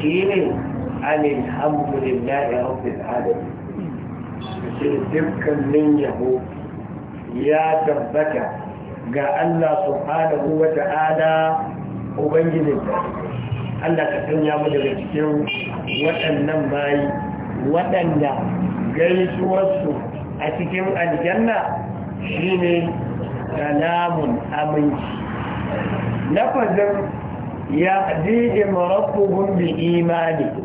shi ne an alhamdulillahi rabbil alamin dukkanin yabo ya tabbata ga Allah subhanahu wa ta'ala ubangijin Allah ka sanya mu daga cikin waɗannan bayi waɗanda gaisuwarsu a cikin aljanna shine salamun aminci lafazin ya haɗe imarakuhun bi imani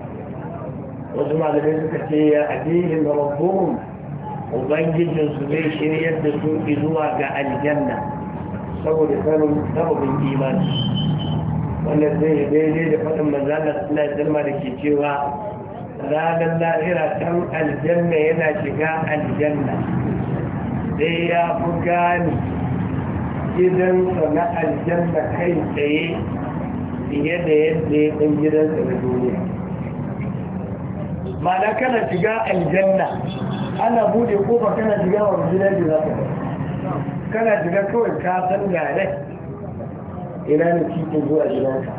wasu malamai suka ce ya adihin rabbuhum ubangijin su zai shiryar da su zuwa ga aljanna saboda sanin sababin imani wanda zai daidai da faɗin manzana suna zama da ke cewa ranar lahira kan aljanna yana shiga aljanna sai ya fi gane gidansa na aljanna kai tsaye fiye da yadda ya ɗan gidansa na duniya ma'ana kana shiga aljanna ana bude kofa kana shiga wa gidan da zaka kana shiga kawai ka san gare ina ne cikin zuwa gidanka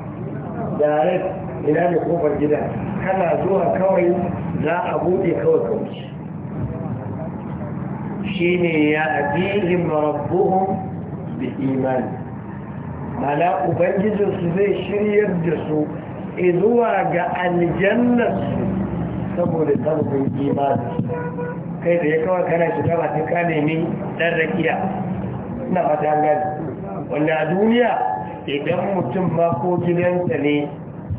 gare ina ne kofar gidan kana zuwa kawai za a bude kawai kawai shi ne ya ajihim rabbuhum bi imani mana ubangijinsu zai shiryar da su zuwa ga aljannarsu saboda samun imani kai da ya kawai kana shiga ba ta ka nemi dan rakiya ina ba wanda a duniya idan mutum ma ko gidansa ne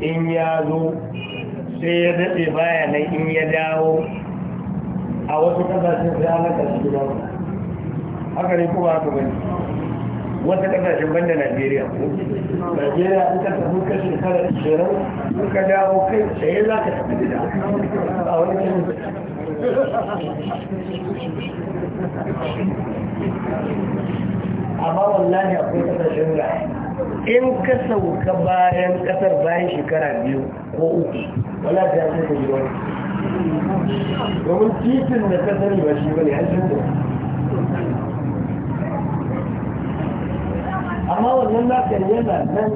in ya zo sai ya daɗe baya nan in ya dawo a wasu ƙasashen sai an haka su gidansa haka ne kuma haka bane wasu kasashen banda najeriya najeriya an ka samu kashin kara ishirin in ka dawo kai tsaye za ka tafi gida a wani kan amma wallahi akwai kasashen ga in ka sauka bayan kasar bayan shekara biyu ko uku wala ta yi ka yi wani domin titin da kasar ba shi bane an shi amma wannan lafiyar yana nan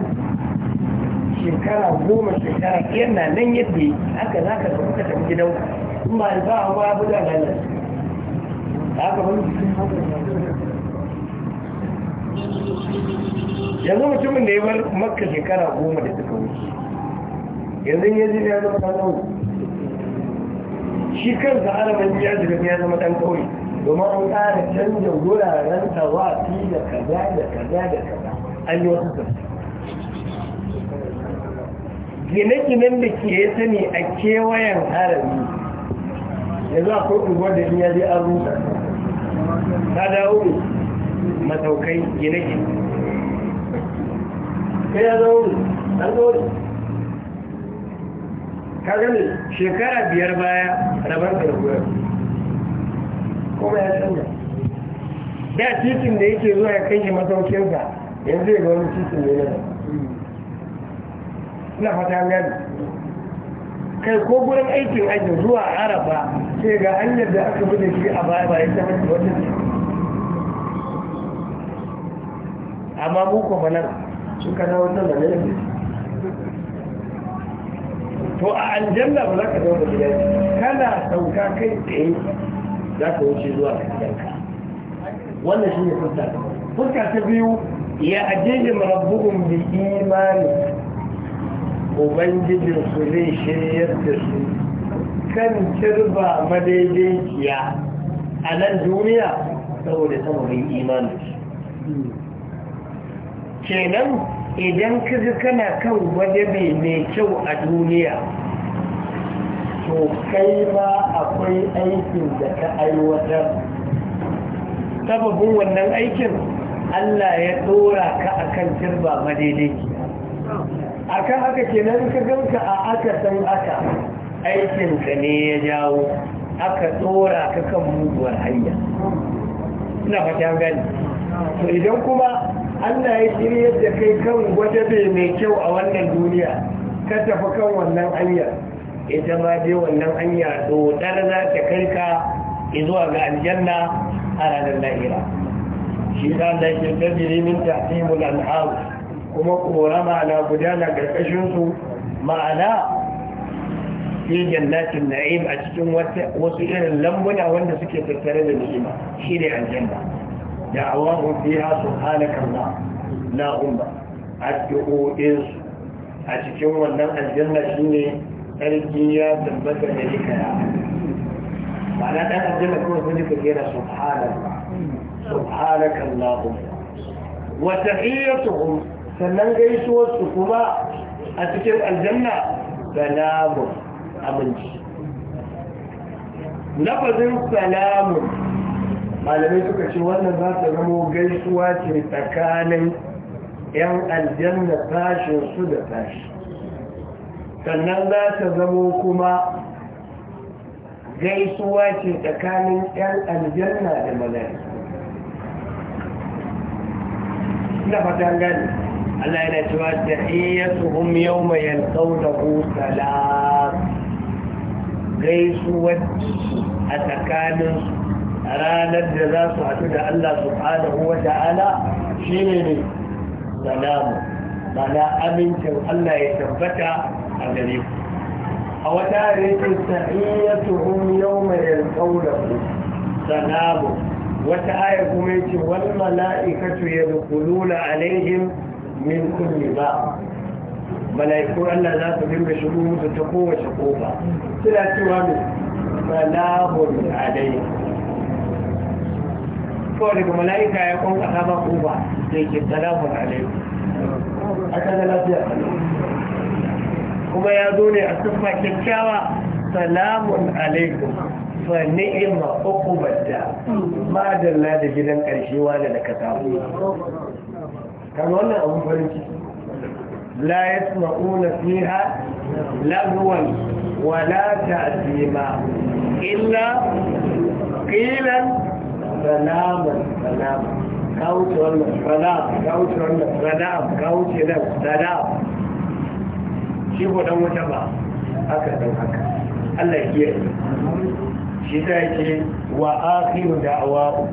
shekara goma shekara yana nan yadda aka za ka zama ka tafi gidan in ba ba a ba buga ganin haka wani yanzu mutumin da ya bar makka shekara goma da suka wuce yanzu ya ji ya zama ɗan ƙauye shi kansa araban ya zama ɗan kawai domin an ƙara canza wuraren tawafi da kaza da kaza da kaza an yi wasu sassu gine-ginen da ke sani a kewayen harami za a kodin wadda ya yaje an rusa ta dawo ne masaukai gine-gine sai ya zaune an zaune ka gani shekara biyar baya rabar da ruwa kuma ya da titin da yake zuwa ya kai masaukinsa yanzu ya ga wani titin ne na ina fata gani kai ko gurin aikin aji zuwa araba sai ga hanyar da aka bude shi a baya bayan ta mace wata ce amma mu kuma nan suka na wata da ne to a aljanna ba za ka zo da gidan kana sauka kai tsaye za ka wuce zuwa ga gidanka wannan shi ne fuska fuska ta biyu ya ajiyar rabbuhum bi imani ubangijin su zai shiryar da su kan kirba madaidaiciya a nan duniya saboda sababin imani kenan idan ka kana kan waje mai kyau a duniya to kai ma akwai aikin da ka aiwatar sababin wannan aikin Allah ya dora ka akan turba A akan haka nan ka ganka a aka san aka aikinka ne ya jawo aka dora ka kan muguwar hanya ina fata gani to idan kuma Allah ya shiryar da kai kan gwadabe mai kyau a wannan duniya ka tafi kan wannan hanyar ita ma dai wannan hanya dodar za ta kai ga aljanna a ranar lahira shi ta da ke tajiri min kuma korama na gudana karkashin su ma'ana fi jannatin na'im a cikin wasu irin lambuna wanda suke tattare da ni'ima shi ne aljanna da'awahum fiha su hana kalla, umma addu'o'in a cikin wannan aljanna shine sarki ya tabbata da rika ya ba na ɗan aljanna kuma sun yi kujera subhanallah subhanakallahum wa tahiyyatuhum sannan gaisuwar su kuma a cikin aljanna salamun aminci lafazin salamun malamai suka ce wannan za ta zama gaisuwa ce tsakanin 'yan aljanna tashin su da tashi sannan za ta zamo kuma gaisuwa ce tsakanin 'yan aljanna da mala'iku na fatan gani Allah yana cewa da iya tuhum yau mai yankau da hutala gaisuwar a tsakanin ranar da za su haɗu da Allah subhanahu wa ta'ala shi ne ne salamu mana amincin Allah ya tabbata a gare ku a wata rikin sa'iyyatuhum yawma yalqawnahu sanabu wata aya kuma yace wal mala'ikatu yadkhuluna alaihim min kulli ba mala'iku Allah za su dinga shigo musu ta kowace kofa suna cewa ne salamun alaihi ko mala'ika ya kun kofa ke lafiya kuma ya zo ne a siffa kyakkyawa salamun alaikum fa ni'ima uqubadda ma dalla da gidan karshe wanda da ka samu kan wannan abun farin ciki la yasma'una fiha lagwan wala ta'zima illa qilan salaman salaman kauce wannan salam kauce wannan salam kauce nan salam shi ko dan wuta ba aka dan haka Allah ya yi shi ta yake wa akhiru da'awa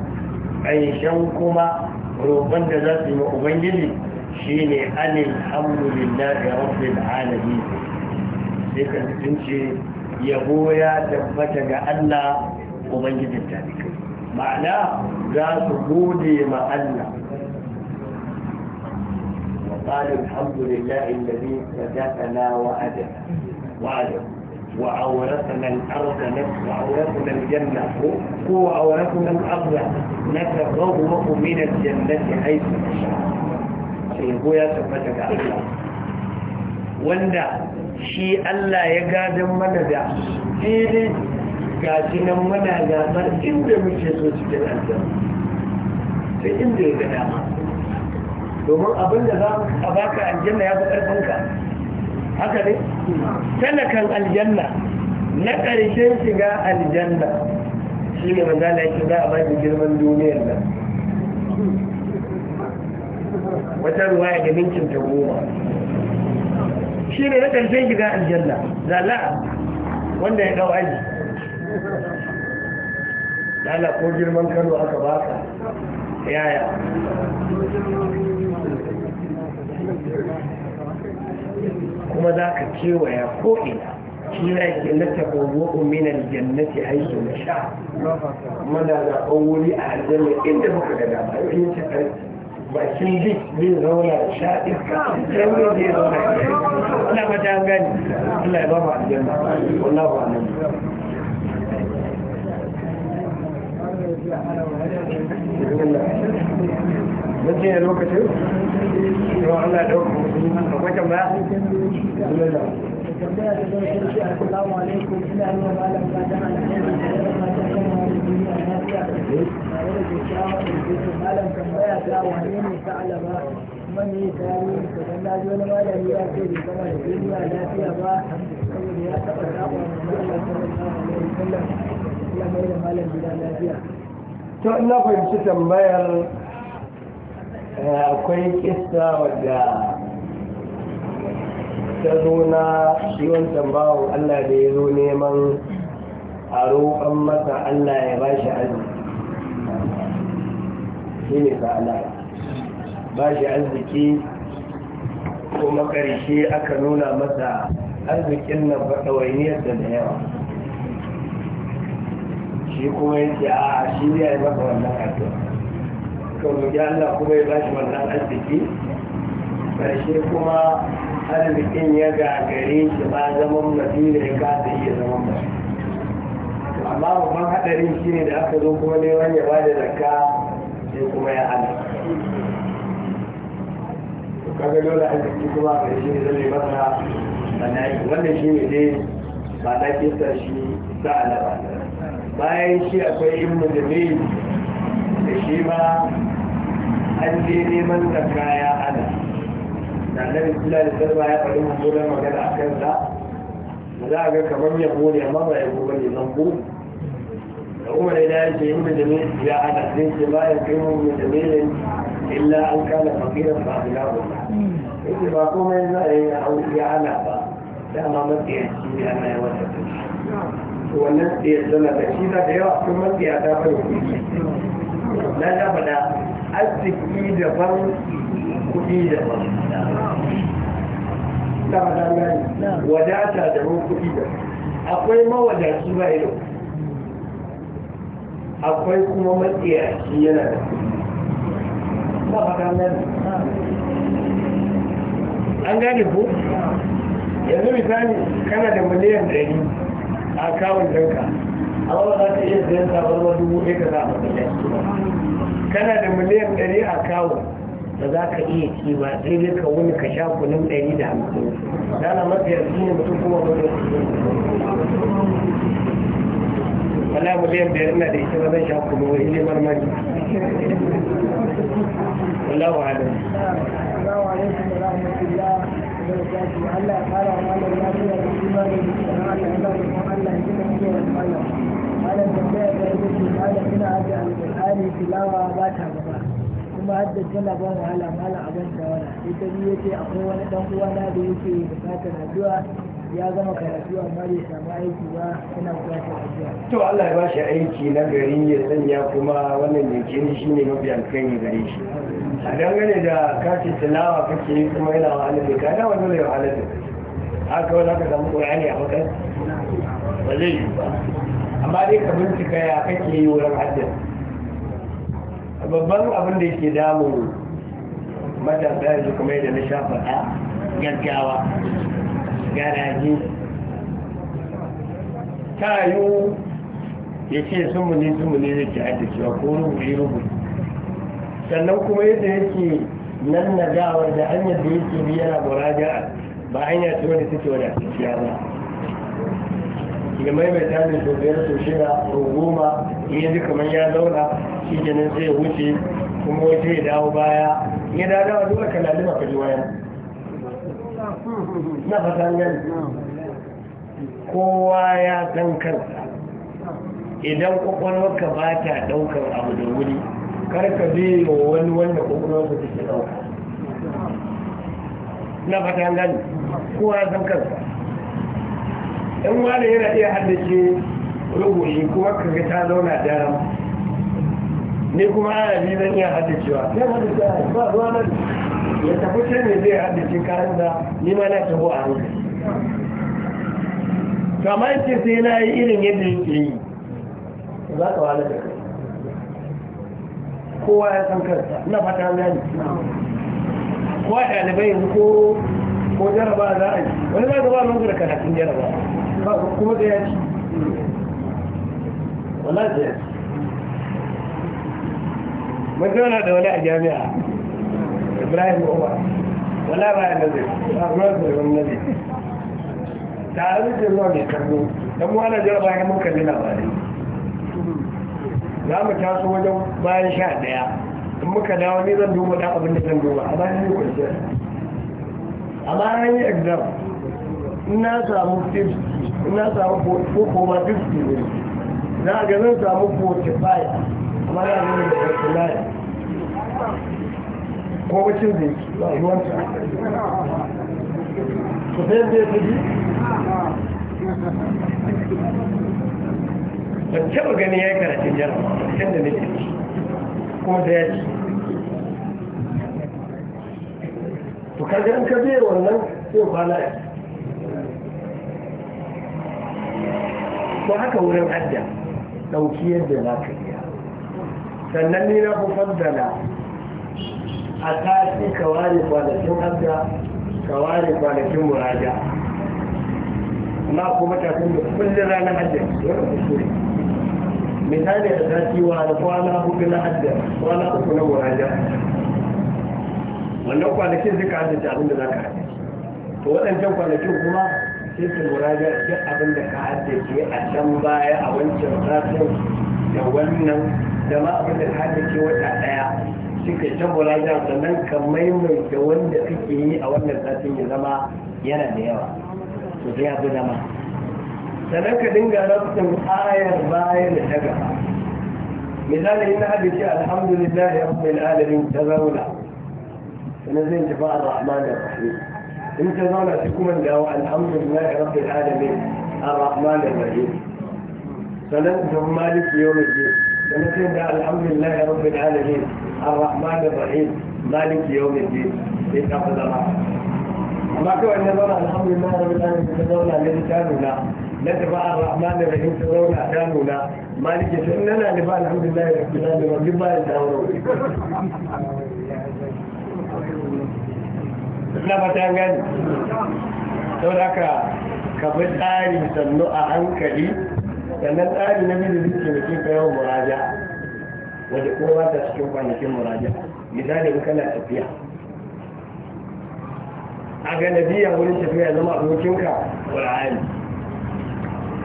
aishan kuma roƙon da za su yi ma ubangiji shine alhamdulillahi rabbil alamin sai ka tunce yabo ya tabbata ga Allah ubangijin ta ma'ana za su gode ma Allah قالوا الحمد لله الذي صدقنا وعده وعده وأورثنا الأرض وأورثنا الجنة هو أورثنا الأرض نتبوأ من الجنة حيث نشاء شيخو يا سبتك الله وندا shi Allah ya gadon mana da fili gashi nan muna gasar inda muke so cikin aljanna sai inda ya ga dama domin abin da za a baka aljanna ya fi ƙarfinka haka ne talakan aljanna na ƙarshen shiga aljanna shi ne manzo Allah yake za a ba shi girman duniyar nan wata ruwaya da minkin ta goma shi ne na ƙarshen shiga aljanna zala wanda ya ɗau aji lala ko girman kano aka baka yaya
kuma za ka kewaya ko'ina
kira ke na taɓa minan jannati haizu na sha mana da wuri a aljanna inda muka ga dama in Ba bakin biyu zai zauna sha iska sai zai zauna
ina mata an gani Allah ya ba mu aljanna wallahu nan
mun
ta lokacin yau Allah ɗauka akwai tambaya malam
wani da tambaya ta wani malami ya ce da duniya lafiya ya taɓa da
malam gida lafiya to na fahimci tambayar eh, akwai kista wadda ta zo na shiwon tambawon allah da ya zo neman a roƙon masa allah ya ba shi arziki shi ne sa'ala ba shi arziki kuma ƙarshe aka nuna masa arzikin nan faɗawainiyarsa da yawa shi kuma yake a shi ne ya yi masa wannan addu'a kawai ya Allah kuma ya bashi wannan arziki karshe kuma arzikin ya gagare shi ba zaman da ya kasa iya zaman ba amma babban hadarin shi ne da aka zo kuma neman ya bada zakka sai kuma ya hana kaga dole arziki kuma karshe ne zai masa wannan shi ne dai ba na kisa shi sa'ala ba bayan shi akwai ibn jamil da shi ma an je neman da kaya ana da nan kula da sarba ya faɗi mummunan magana a kansa ba za a ga kamar ya ne amma ba ne nan ko da umar ya yi ce ibn jamil ya ana sai ce ba ya kai ibn jamil illa an kana fakiran ba ila ba yake ba komai za a yi ya ana ba dama matsiyanci ya ana yawan da wannan tsaye zana da shi na da yawa sun mafi ya ta bai kuɗi na ta faɗa arziki daban kuɗi daban ta faɗa gani wadata daban kuɗi daban akwai mawadaci ba yau akwai kuma shi yana da kuɗi ba faɗa gani an gane ko yanzu misali kana da miliyan ɗari a kawun ɗinka a wani za ka iya sayan tabarma dubu ɗaya ka za a kana da miliyan ɗari a kawun da za ka iya ci sai dai ka wuni ka sha kunun ɗari da hamsin na mafi yanzu ne mutum kuma ba zai wala miliyan biyar ina da ita ba zan sha wani ne marmari wala wa wa
wa Allah ya fara wa Allah ya Allah ya Allah ya kika ce wani malam malam tambaya ta ita ce malam ina aje alƙur'ani tilawa ba ta gaba kuma hadda tana ba wahala malam abin shawara ita ni ce akwai wani dan uwana da yake bukatar addu'a ya gama karatu amma bai samu aiki ba yana bukatar addu'a to
Allah ya bashi aiki na gari ya sanya kuma wannan shi ne mafi alkhairi gare shi a dangane da katin tilawa kake kuma yana wahalar da kada wani zai wahalar da haka wani aka samu ƙur'ani a makaranta ba zai yi ba amma dai ka bincika ya kake yi wurin hajjar babban abin da yake damu matasa yanzu kuma yadda na shafa a gaggawa garaji. ta yiwu ya ce sun sun mu ne mu ne zai ci haddacewa ko rubuci rubuci sannan kuma yadda yake nan na gawar da hanyar da yake biyar a muraja ba hanya ce wadda take wadatacciya ba ya maimaita ne sau biyar sau shida sau goma in ya ji kamar ya zauna shi kenan sai ya wuce kuma wata ya dawo baya ya dawo wa duka lalima ka ji waya na fatan gani kowa ya san kansa idan kwakwalwarka ba ta daukar abu da wuri kar ka bi wa wani wanda kwakwalwarka take dauka na fatan gani kowa ya san kansa in wani yana iya haddace rubushi kuma kaga ta zauna daram ne kuma arabi zan iya haddacewa sai haddace ba zuwa nan ya tafi ce ne zai haddace kayan da ni ma na taho a hankali kama ce sai na yi irin yadda yake yi za ka wala da kai kowa ya san kansa na fata na gani kowa ɗalibai yanzu ko jaraba za a yi wani za ka ba nan da karatun jaraba kuma da ya ci wala da ya ci mun zauna da wani a jami'a ibrahim umar wala ba ya nazari a da wani nazari da arzikin ruwa mai karno don wani jarba ya mun kalli labarai za mu taso wajen bayan sha daya in muka dawo ni zan duba da abin da zan duba a bayan yi kwanciyar amma an yi exam na samu tips ina samu ko koma duk ne na ga zan samu 45 amma na nuna da
49 ko wacin zai ba ruwanta ku sai da ya fi ban
taɓa gani ya yi karatun jarabawa da nake ko da ya ci to kaga an ka wannan sai na ya Ko haka wurin hajja ɗauki yadda za ka iya sannan ne na faddala a tashi ka ware kwanakin hajja ka ware kwanakin muraja amma kuma kafin da kullum ranar hajja wani kusuri misali ta ci wa da kwana hudu na hajja kwana uku na muraja wannan kwanakin zai ka hajjace abinda da za ka hajjace to waɗancan kwanakin kuma sai ka lura da duk abin da ka haddace a can baya a wancan satin da wannan da ma abin da ka haddace wata ɗaya sai ka can muraja sannan ka maimaita wanda kake yi a wannan satin ya zama yana da yawa to sai ya fi zama sannan ka dinga rabtin ayar bayan da ta gaba misali ina haddace alhamdulillah ya rabbil alamin ta zauna sannan zai tafi ar-rahman ar-rahim انت ظل اتكم الحمد لله رب العالمين الرحمن الرحيم سنتهم مالك يوم الدين سنتهم الحمد لله رب العالمين الرحمن الرحيم مالك يوم الدين اتقد الله ما كو ان ظل الحمد لله رب العالمين تظل الذي كانونا نتبع الرحمن الرحيم تظل كانونا مالك يسننا نفع الحمد لله رب العالمين رب
العالمين
suna fata gani sau da ka kafin tsari sannu a hankali sannan tsari na biyu da suke mace ka muraja wadda kowa ta cikin kwanakin muraja misali in kana tafiya a ga nabiya wurin tafiya zama abokinka ƙura'ani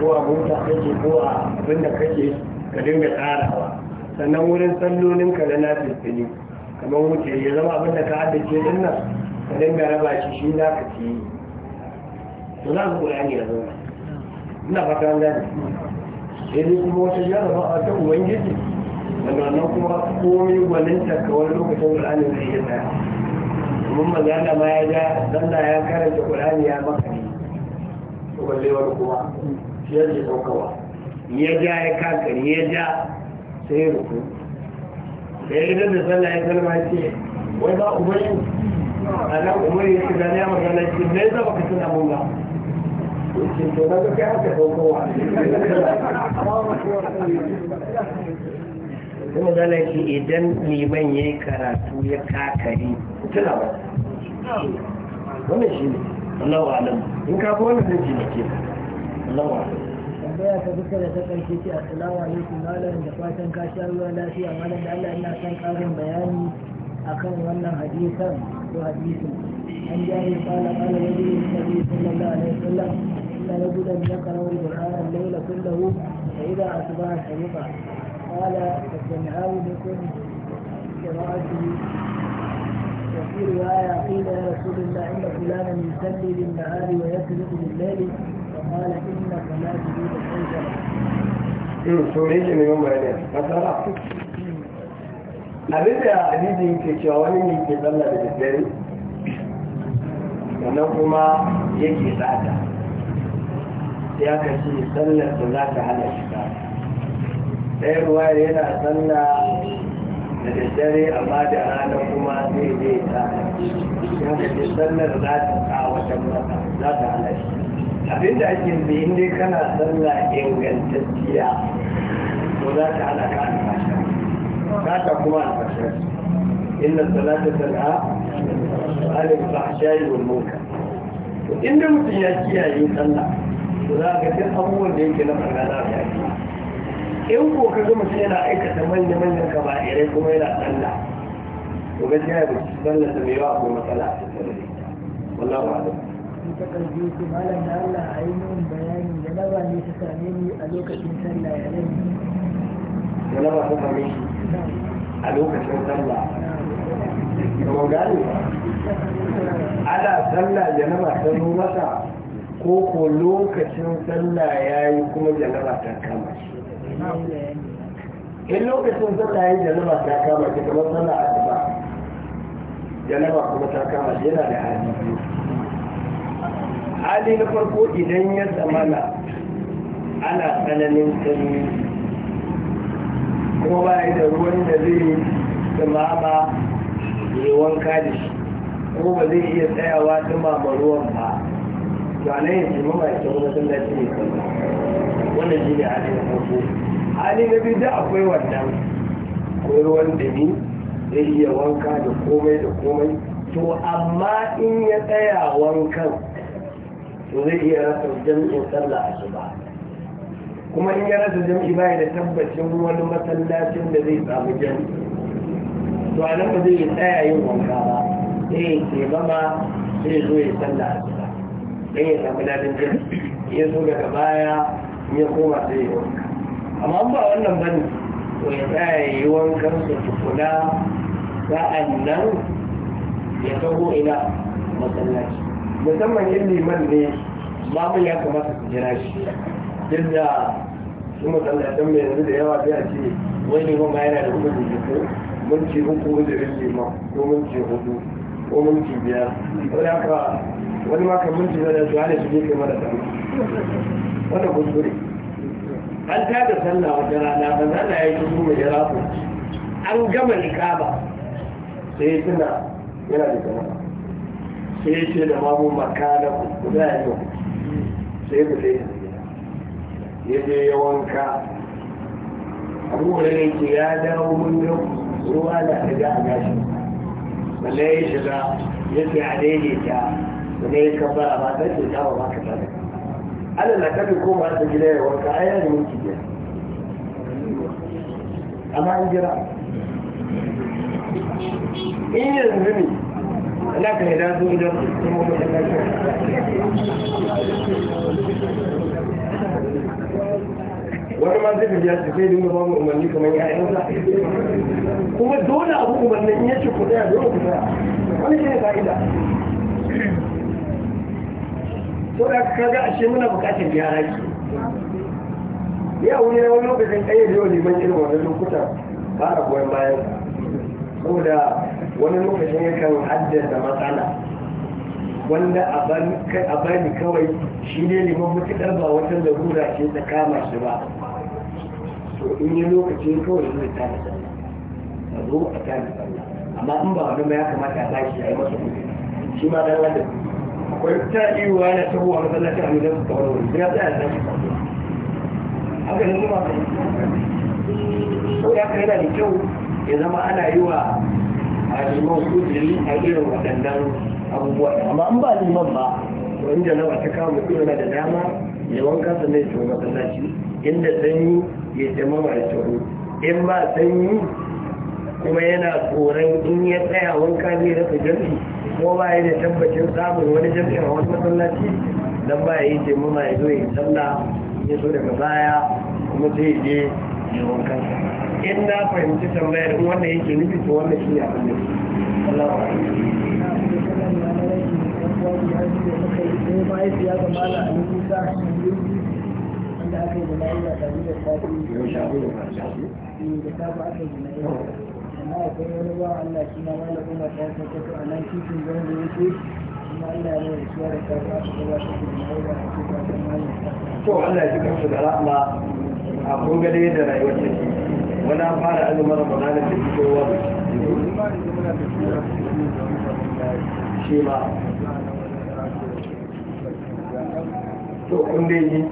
ko a mota kake ko a abin da kake ka dinga tsarawa sannan wurin sallolinka na nafi kamar wuce ya zama abin da ka haɗa ke nan ka dinga raba shi shi za ka ci yi. to za ku ƙur'ani ya zo ina fata an gani sai dai kuma wata jarraba a ta ubangiji wanda wannan kuma komai gwaninta ka wani lokacin ƙur'ani zai iya tsaya domin magana ma ya ja sanda ya karanta ƙur'ani ya maka ne to balle wani kuma shi ya yake ɗaukawa ya ja ya kakari ya ja sai ya rufu Sai ya da sallah ya kalma ya ce wai ba ubangiji a nan umar ya shiga ne magana shi ne za ka tuna mun ba to na ga kai aka dauko kuma zala laki idan ni ya yi karatu ya kakari tuna ba wannan shi ne Allah wa alam in ka fi wannan zai jinike Allah wa alam
tambaya ta duka da ta karshe ce assalamu alaikum malam da fatan ka sha ruwa lafiya malam da Allah ina son karin bayani أكون وأنا حديثا وحديثا عن جابر قال قال النبي صلى الله عليه وسلم إن رجلا ذكر القرآن الليل كله فإذا أتبع شيطا قال فلنعاونكم قراءته وفي رواية قيل يا رسول الله إن فلانا يصلي بالنهار ويسرق
بالليل فقال إنك لا تريد الخير. 嗯，从理解明白点，那咱俩。abin da hadisi ke cewa wani ne ke sallah da daddare sannan kuma yake tsada ya kashi sannan sallar da za ta hana shi ta ɗaya ruwa yana sannan da daddare amma da ranar kuma zai zai ta ya kashi sannan za ta tsawatan mata za ta hana shi abinda da ake zai inda kana sallah ingantacciya ko za ta hana ka alfashin kata kuma alfashashi inna salata tal'a alif fahshayi wal munkar to inda mutum ya kiyaye sallah to za ka duk abubuwan da yake na farga za ka yi in ko ka ga mutum yana aikata manya-manyan kaba'irai kuma yana sallah to gaskiya ya bici sallah ta mai yawa ko matsala a cikin wallahu a'lam ta karbi su
malam da Allah a yi min bayani da laba ne ta same ni a lokacin sallah ya rami.
Da laba ta same shi a lokacin sallah ba gani ana sallah janaba ta zo masa ko ko lokacin sallah ya yi kuma janaba ta kama shi in lokacin sallah ya yi janaba ta kama shi kuma sallah ba janaba kuma ta kama shi yana da hali hali na farko idan ya tsamana ana tsananin sanyi kuma ba da ruwan da zai dumama ya wanka da shi ko ba zai iya tsayawa dumama ruwan ba to a yin shi mama ya kuma sun da shi wannan shi ne hali na farko hali na biyu da akwai wannan akwai ruwan dumi zai iya wanka da komai da komai to amma in ya tsaya wankan to zai iya rasa jami'in sallah a shi ba kuma in ya rasa jam'i ba da tabbacin wani masallacin da zai samu jam'i to a nan ba zai yi tsaya yin wanka ba sai ya ke bama sai zo ya sallah a gida sai ya samu dadin jam'i ya zo daga baya ya koma sai ya wanka amma ba wannan bane to ya tsaya ya yi wankan sa tukuna sa'an nan ya taho ina masallaci musamman yin liman ne mu ya kamata su jira shi duk da sun masallatan mai yanzu da yawa sai a ce wai liman ma yana da kuma jikin minti ce da uzurin liman ko minti ce hudu ko minti ce biyar wani haka wani ma kan minti ce zai su hana su ne kai mara sallah wata kuskure an ta da sallah wata rana ba za na yi kusu mai yara ku an gama likaba sai ya tuna yana da sallah sai ya ce da mamu makana ku za a yi sai ku sai ya je ya wanka abu da ne ke ya dawo mun ruwa da ta ga a gashi balle ya shiga ya ce a daidaita balle ya kan bara ba ta ce ta ba ka ta da ala na kabi ko ba ta gida ya wanka ai yana da minti biyar amma an jira in yanzu ne Allah ka yi dazo idan kuma mutum ya wani ma zai gaji ya ce dinga bamu umarni kamar ya yi wata kuma dole abu umarni ya ce ku tsaya dole ku tsaya wani shi ne fa'ida so da ka ga ashe muna bukatar gyara ki ya wuri na wani lokacin ɗaya da yau neman irin wannan lokuta ba a goyon bayan saboda wani lokacin ya kan haddasa matsala wanda a bani kawai shi ne neman mutu ba wata larura ce ta kama shi ba to in yi lokaci kawai zai tana sallah a zo a da sallah amma in ba wani ya kamata a tashi a yi masa kudi shi ma dan wanda akwai ta iya yana ta huwa masallacin a nuna kawai wani wani ya tsaya da tashi haka ne kuma ka ya kai yana da kyau ya zama ana yi wa a liman kudiri a irin waɗannan abubuwa amma in ba liman ba wani nawa ta kawo mutum yana da dama ya wanka sannan ya shiga masallaci inda sanyi ya taimama da tsoro in ba sanyi kuma yana tsoron in ya tsaya wanka zai rasa jami ko ba ya da tabbacin samun wani jami a wani matsalaci don ba ya yi jami mai zo ya canza ya so daga baya kuma zai je ya wankan in na fahimci tambayar in wanda yake nufi to wanda shi ne abin da shi Allah wa rahmatullahi
aka yi da na'ila da wuri da da yi eh, da amma akwai wani ba Allah shi ma wanda kuma ta ta kafa a nan titin don da yake kuma Allah ya yi suwa da safi aka gaba ta da
na'ila
a cikin ta malam to Allah ya ji kansu da rahama a kun da rayuwar ta ke wani an fara azumin ramadana da ke kowa da shi ma
to kun dai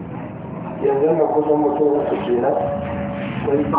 yanzu na kusan mutum wasu kenan